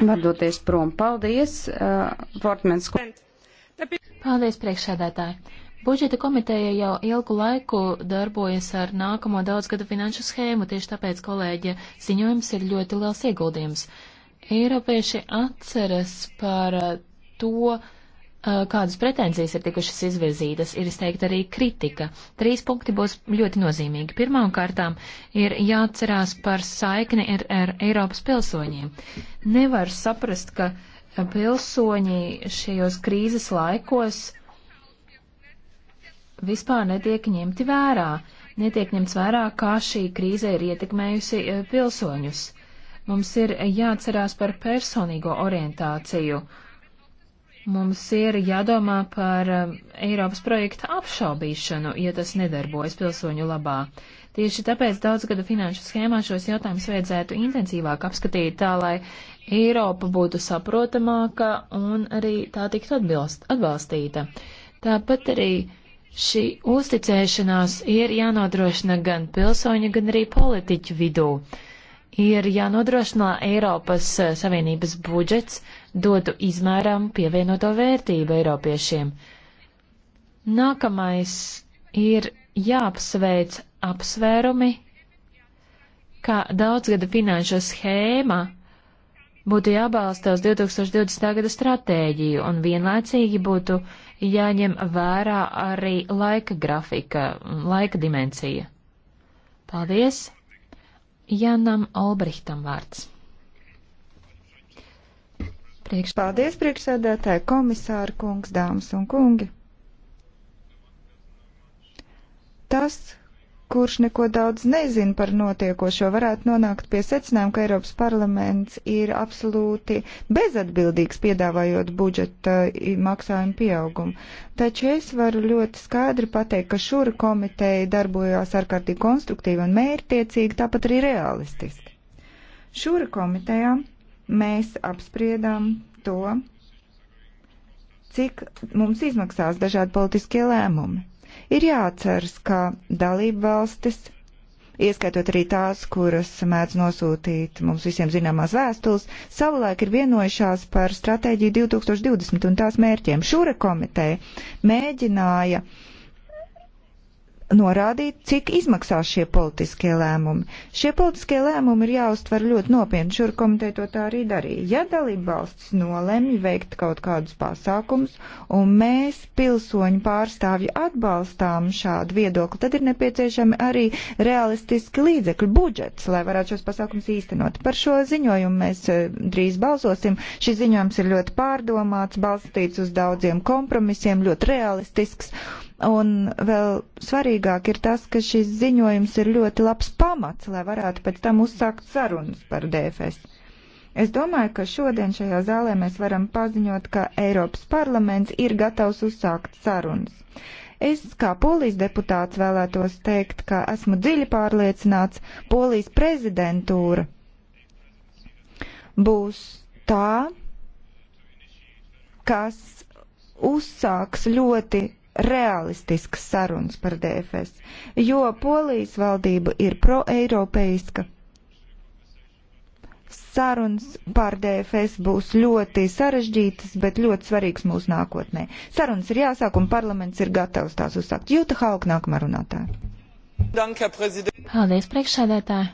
varu doties prom. Paldies, Vortmens. Eh, Paldies, priekšsēdētāji. Budžeta komiteja jau ilgu laiku darbojas ar nākamo daudzgada finanšu schēmu, tieši tāpēc kolēģa ziņojums ir ļoti liels ieguldījums. Eiropieši atceras par to, Eh, kādas pretenzijas ir tikušas izvirzītas, ir izteikta arī kritika. Trīs punkti būs ļoti nozīmīgi. Pirmām kārtām ir jāatcerās par saikni ar, ar Eiropas pilsoņiem. Nevar saprast, ka pilsoņi šajos krīzes laikos vispār netiek ņemti vērā. Netiek ņemts vērā, kā šī krīze ir ietekmējusi eh, pilsoņus. Mums ir jāatcerās par personīgo orientāciju. Uh, Mums ir jādomā par um, Eiropas projekta apšaubīšanu, ja tas nedarbojas pilsoņu labā. Tieši tāpēc daudzgada finanšu schēmā šos jautājumus vajadzētu intensīvāk apskatīt tā, lai Eiropa būtu saprotamāka un arī tā tiktu atbilst, atbalstīta. Tāpat arī šī uzticēšanās ir jānodrošina gan pilsoņu, gan arī politiķu vidū. Ir jānodrošina Eiropas eh, Savienības budžets, dotu izmērām pievienoto vērtību Eiropiešiem. Nākamais ir jāapsveic apsvērumi, ka daudzgada finanšu schēma būtu jābalsta uz 2020. gada stratēģiju un vienlaicīgi būtu jāņem vērā arī laika grafika, laika dimensija. Paldies! Janam Albrihtam vārds. Priekš... Paldies, priekšsēdētāji, komisāra kungs, dāmas un kungi. Tas, kurš neko daudz nezina par notiekošo, varētu nonākt pie secinājuma, ka Eiropas parlaments ir absolūti bezatbildīgs piedāvājot budžeta maksājumu pieaugumu. Taču es varu ļoti skaidri pateikt, ka šura komiteja darbojās ārkārtīgi konstruktīvi un mērtiecīgi, tāpat arī realistiski. Šura komitejām mēs apspriedām to, cik mums izmaksās dažādi politiskie lēmumi. Ir jāatceras, ka dalība valstis, ieskaitot arī tās, kuras mēdz nosūtīt mums visiem zināmās vēstules, savulaik ir vienojušās par stratēģiju 2020 un tās mērķiem. Šura komiteja mēģināja uh, norādīt, cik izmaksās šie politiskie lēmumi. Šie politiskie lēmumi ir jāuztver ļoti nopietni, šur komiteja to tā arī darīja. Ja dalība valsts nolemj veikt kaut kādus pasākums, un mēs pilsoņu pārstāvju atbalstām šādu viedokli, tad ir nepieciešami arī realistiski līdzekļu budžets, lai varētu šos pasākums īstenot. Par šo ziņojumu mēs eh, drīz balsosim. Šis ziņojums ir ļoti pārdomāts, balstīts uz daudziem kompromisiem, ļoti realistisks. Un vēl svarīgāk ir tas, ka šis ziņojums ir ļoti labs pamats, lai varētu pēc tam uzsākt sarunas par DFS. Es domāju, ka šodien šajā zālē mēs varam paziņot, ka Eiropas parlaments ir gatavs uzsākt sarunas. Es kā polijas deputāts vēlētos teikt, ka esmu dziļi pārliecināts, polijas prezidentūra būs tā, kas uzsāks ļoti realistiskas sarunas par DFS, jo Polijas valdība ir proeiropeiska. Sarunas par DFS būs ļoti sarežģītas, bet ļoti svarīgas mūsu nākotnē. Sarunas ir jāsāk un parlaments ir gatavs tās uzsākt. Jūta Halka nākamā runātāja. Paldies, priekšsēdētāji!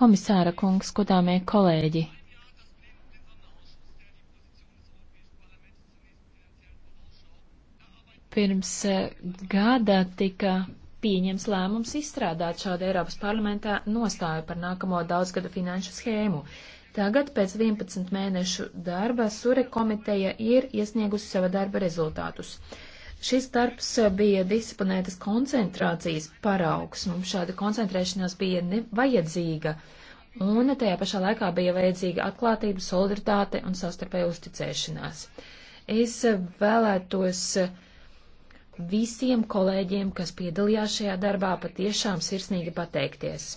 Komisāra kungs, godāmie kolēģi! Pirms e, gada tika pieņems lēmums izstrādāt šādu Eiropas parlamentā nostāju par nākamo daudzgadu finanšu schēmu. Tagad pēc 11 mēnešu darba Sure komiteja ir iesniegusi sava darba rezultātus. Šis darbs e, bija disciplinētas koncentrācijas paraugs, mums šāda koncentrēšanās bija vajadzīga, un tajā pašā laikā bija vajadzīga atklātība, solidaritāte un savstarpēja uzticēšanās. Es e, vēlētos uh, visiem kolēģiem, kas piedalījās šajā darbā, patiešām sirsnīgi pateikties.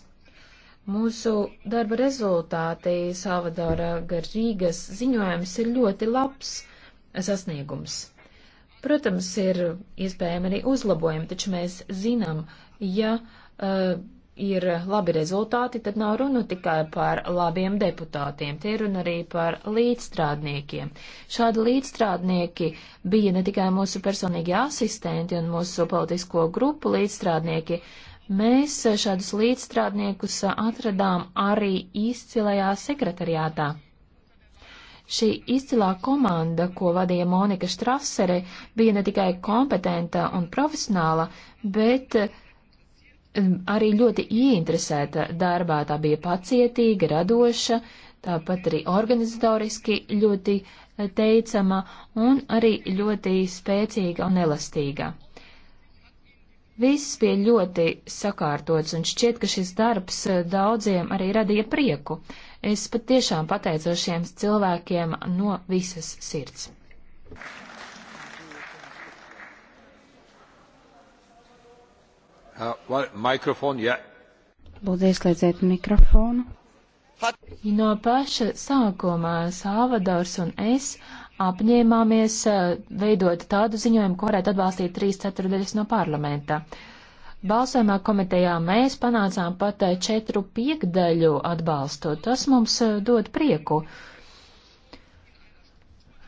Mūsu darba rezultāti Salvadora Garīgas ziņojums ir ļoti labs sasniegums. Protams, ir iespējami arī uzlabojumi, taču mēs zinām, ja uh, ir labi rezultāti, tad nav runa tikai par labiem deputātiem, tie runa arī par līdzstrādniekiem. Šādi līdzstrādnieki bija ne tikai mūsu personīgie asistenti un mūsu politisko grupu līdzstrādnieki, mēs šādus līdzstrādniekus atradām arī izcilajā sekretariātā. Šī izcilā komanda, ko vadīja Monika Štrasere, bija ne tikai kompetenta un profesionāla, bet uh, arī ļoti ieinteresēta darbā. Tā bija pacietīga, radoša, tāpat arī organizatoriski ļoti eh, teicama un arī ļoti spēcīga un elastīga. Viss bija ļoti sakārtots un šķiet, ka šis darbs eh, daudziem arī radīja prieku. Es pat tiešām pateicu šiem cilvēkiem no visas sirds. Thank you. Uh, mikrofonu, jā. Yeah. Lūdzu, ieslēdziet mikrofonu. No paša sākuma Sāvadors un es apņēmāmies uh, veidot tādu ziņojumu, ko varētu atbalstīt trīs ceturdaļas no parlamenta. Balsojumā komitejā mēs panācām pat uh, četru piekdaļu atbalstu. Tas mums uh, dod prieku. Uh,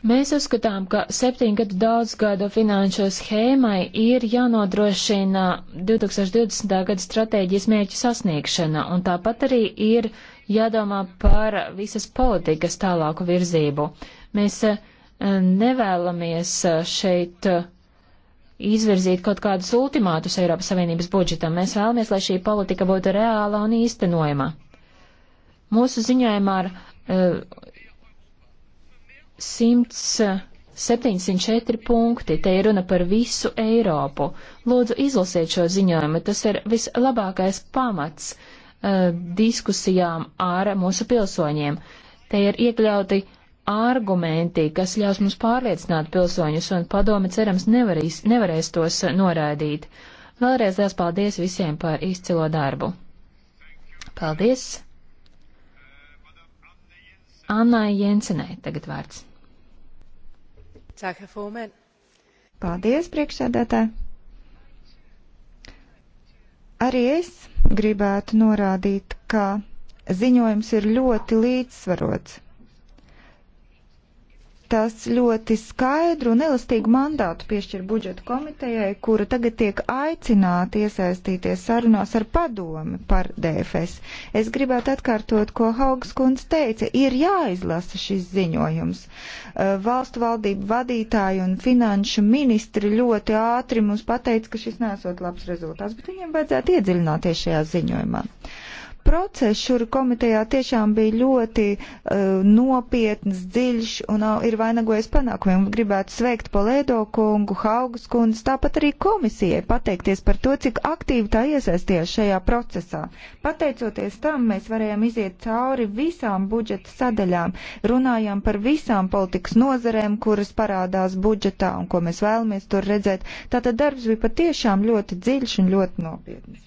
Mēs uzskatām, ka septiņgadu daudzgadu finanšu schēmai ir jānodrošina 2020. gada stratēģijas mērķu sasniegšana, un tāpat arī ir jādomā par visas politikas tālāku virzību. Mēs eh, nevēlamies eh, šeit eh, izvirzīt kaut kādus ultimātus Eiropas Savienības budžetam. Mēs vēlamies, lai šī politika būtu reāla un īstenojama. Mūsu ziņojumā ar 174 eh, punkti, te ir runa par visu Eiropu. Lūdzu, izlasiet šo ziņojumu, tas ir vislabākais pamats uh, diskusijām ar mūsu pilsoņiem. Te ir iekļauti argumenti, kas ļaus mums pārliecināt pilsoņus, un padome cerams nevarīs, nevarēs tos noraidīt. Vēlreiz liels paldies visiem par izcilo darbu. Paldies! Annai Jensenai tagad vārds. Paldies, priekšsēdētāji! Arī es gribētu norādīt, ka ziņojums ir ļoti līdzsvarots tas ļoti skaidru un elastīgu mandātu piešķir budžeta komitejai, kura tagad tiek aicināta iesaistīties sarunās ar padomi par DFS. Es gribētu atkārtot, ko Haugs kundze teica, ir jāizlasa šis ziņojums. Uh, valstu valdību vadītāji un finanšu ministri ļoti ātri mums pateica, ka šis nesot labs rezultāts, bet viņiem vajadzētu iedziļināties šajā ziņojumā. Uh, Process šur komitejā tiešām bija ļoti uh, nopietns, dziļš un uh, ir vainagojies panākumiem. Gribētu sveikt Polēdo kungu, Haugas kundzi, tāpat arī komisijai pateikties par to, cik aktīvi tā iesaistījās šajā procesā. Pateicoties tam, mēs varējām iziet cauri visām budžeta sadaļām, runājām par visām politikas nozarēm, kuras parādās budžetā un ko mēs vēlamies tur redzēt. Tātad darbs bija patiešām ļoti dziļš un ļoti nopietns.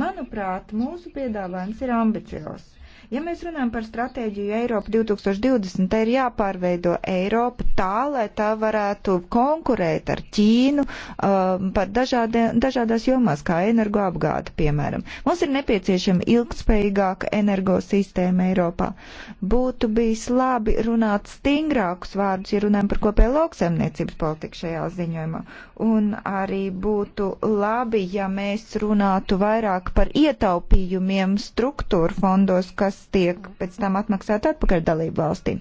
Manuprāt, mūsu piedāvājums ir ambiciozs. Ja mēs runājam par stratēģiju Eiropa 2020, tai ir jāpārveido Eiropa tā, lai tā varētu konkurēt ar Ķīnu um, par dažādē, dažādās jomās, kā energoapgāde, piemēram. Mums ir nepieciešama ilgspējīgāka energosistēma Eiropā. Būtu bijis labi runāt stingrākus vārdus, ja runājam par kopēju lauksaimniecības politiku šajā ziņojumā. Un arī būtu labi, ja mēs runātu vairāk par ietaupījumiem struktūra fondos, kas kas tiek pēc tam atmaksāta atpakaļ dalību valstī.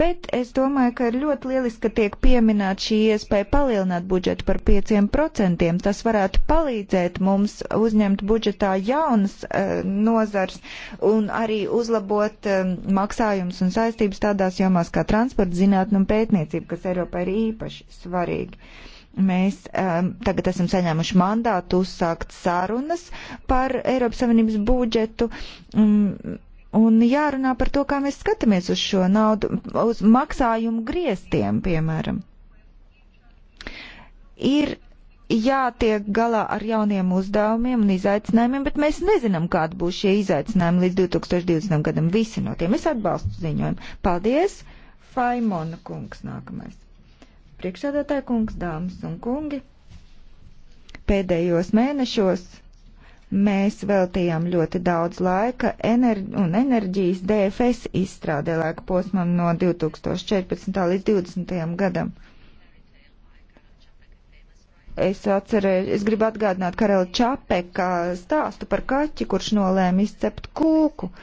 Bet es domāju, ka ir ļoti lieliski, ka tiek pieminēta šī iespēja palielināt budžetu par 5%. Tas varētu palīdzēt mums uzņemt budžetā jaunas uh, nozars un arī uzlabot uh, eh, maksājums un saistības tādās jomās kā transporta zinātne un pētniecība, kas Eiropā ir īpaši svarīgi. Mēs um, tagad esam saņēmuši mandātu uzsākt sarunas par Eiropas Savienības budžetu. Um, Un jārunā par to, kā mēs skatāmies uz šo naudu, uz maksājumu griestiem, piemēram. Ir jātiek galā ar jauniem uzdevumiem un izaicinājumiem, bet mēs nezinām, kāda būs šie izaicinājumi līdz 2020. gadam. Visi no tiem es atbalstu ziņojumu. Paldies! Faimona kungs nākamais. Priekšsēdētāja kungs, dāmas un kungi, pēdējos mēnešos Mēs veltījām ļoti daudz laika enerģi un enerģijas DFS izstrādē laika posmam no 2014. līdz 2020. gadam. Es atcerēju, es gribu atgādināt Karela Čapeka stāstu par kaķi, kurš nolēma izcept kūku. Uh,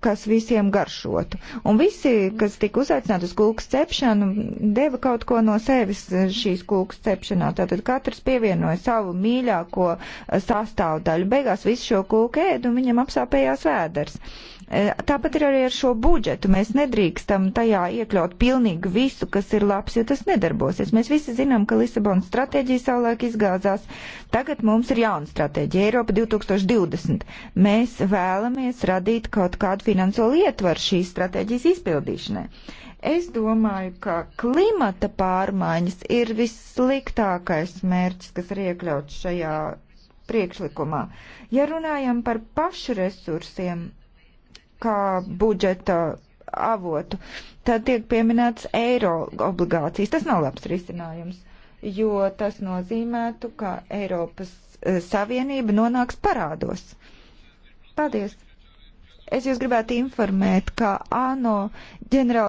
kas visiem garšotu. Un visi, kas tika uzaicināti uz kūkas cepšanu, deva kaut ko no sevis šīs kūkas cepšanā. Tātad katrs pievienoja savu mīļāko eh, sastāvdaļu. Beigās visu šo kūku ēdu un viņam apsāpējās vēders. Eh, tāpat ir arī ar šo budžetu. Mēs nedrīkstam tajā iekļaut pilnīgi visu, kas ir labs, jo tas nedarbosies. Mēs visi zinām, ka Lisabonas stratēģija savulaik izgāzās. Tagad mums ir jauna stratēģija Eiropa 2020. Mēs vēlamies radīt kaut kādu finansiālo ietvaru šīs stratēģijas izpildīšanai. Es domāju, ka klimata pārmaiņas ir vissliktākais mērķis, kas ir iekļauts šajā priekšlikumā. Ja runājam par pašu resursiem, kā budžeta avotu, tad tiek pieminēts eiro obligācijas. Tas nav labs risinājums, jo tas nozīmētu, ka Eiropas eh, Savienība nonāks parādos. Paldies! Es jūs gribētu informēt, ka ANO ģenerāla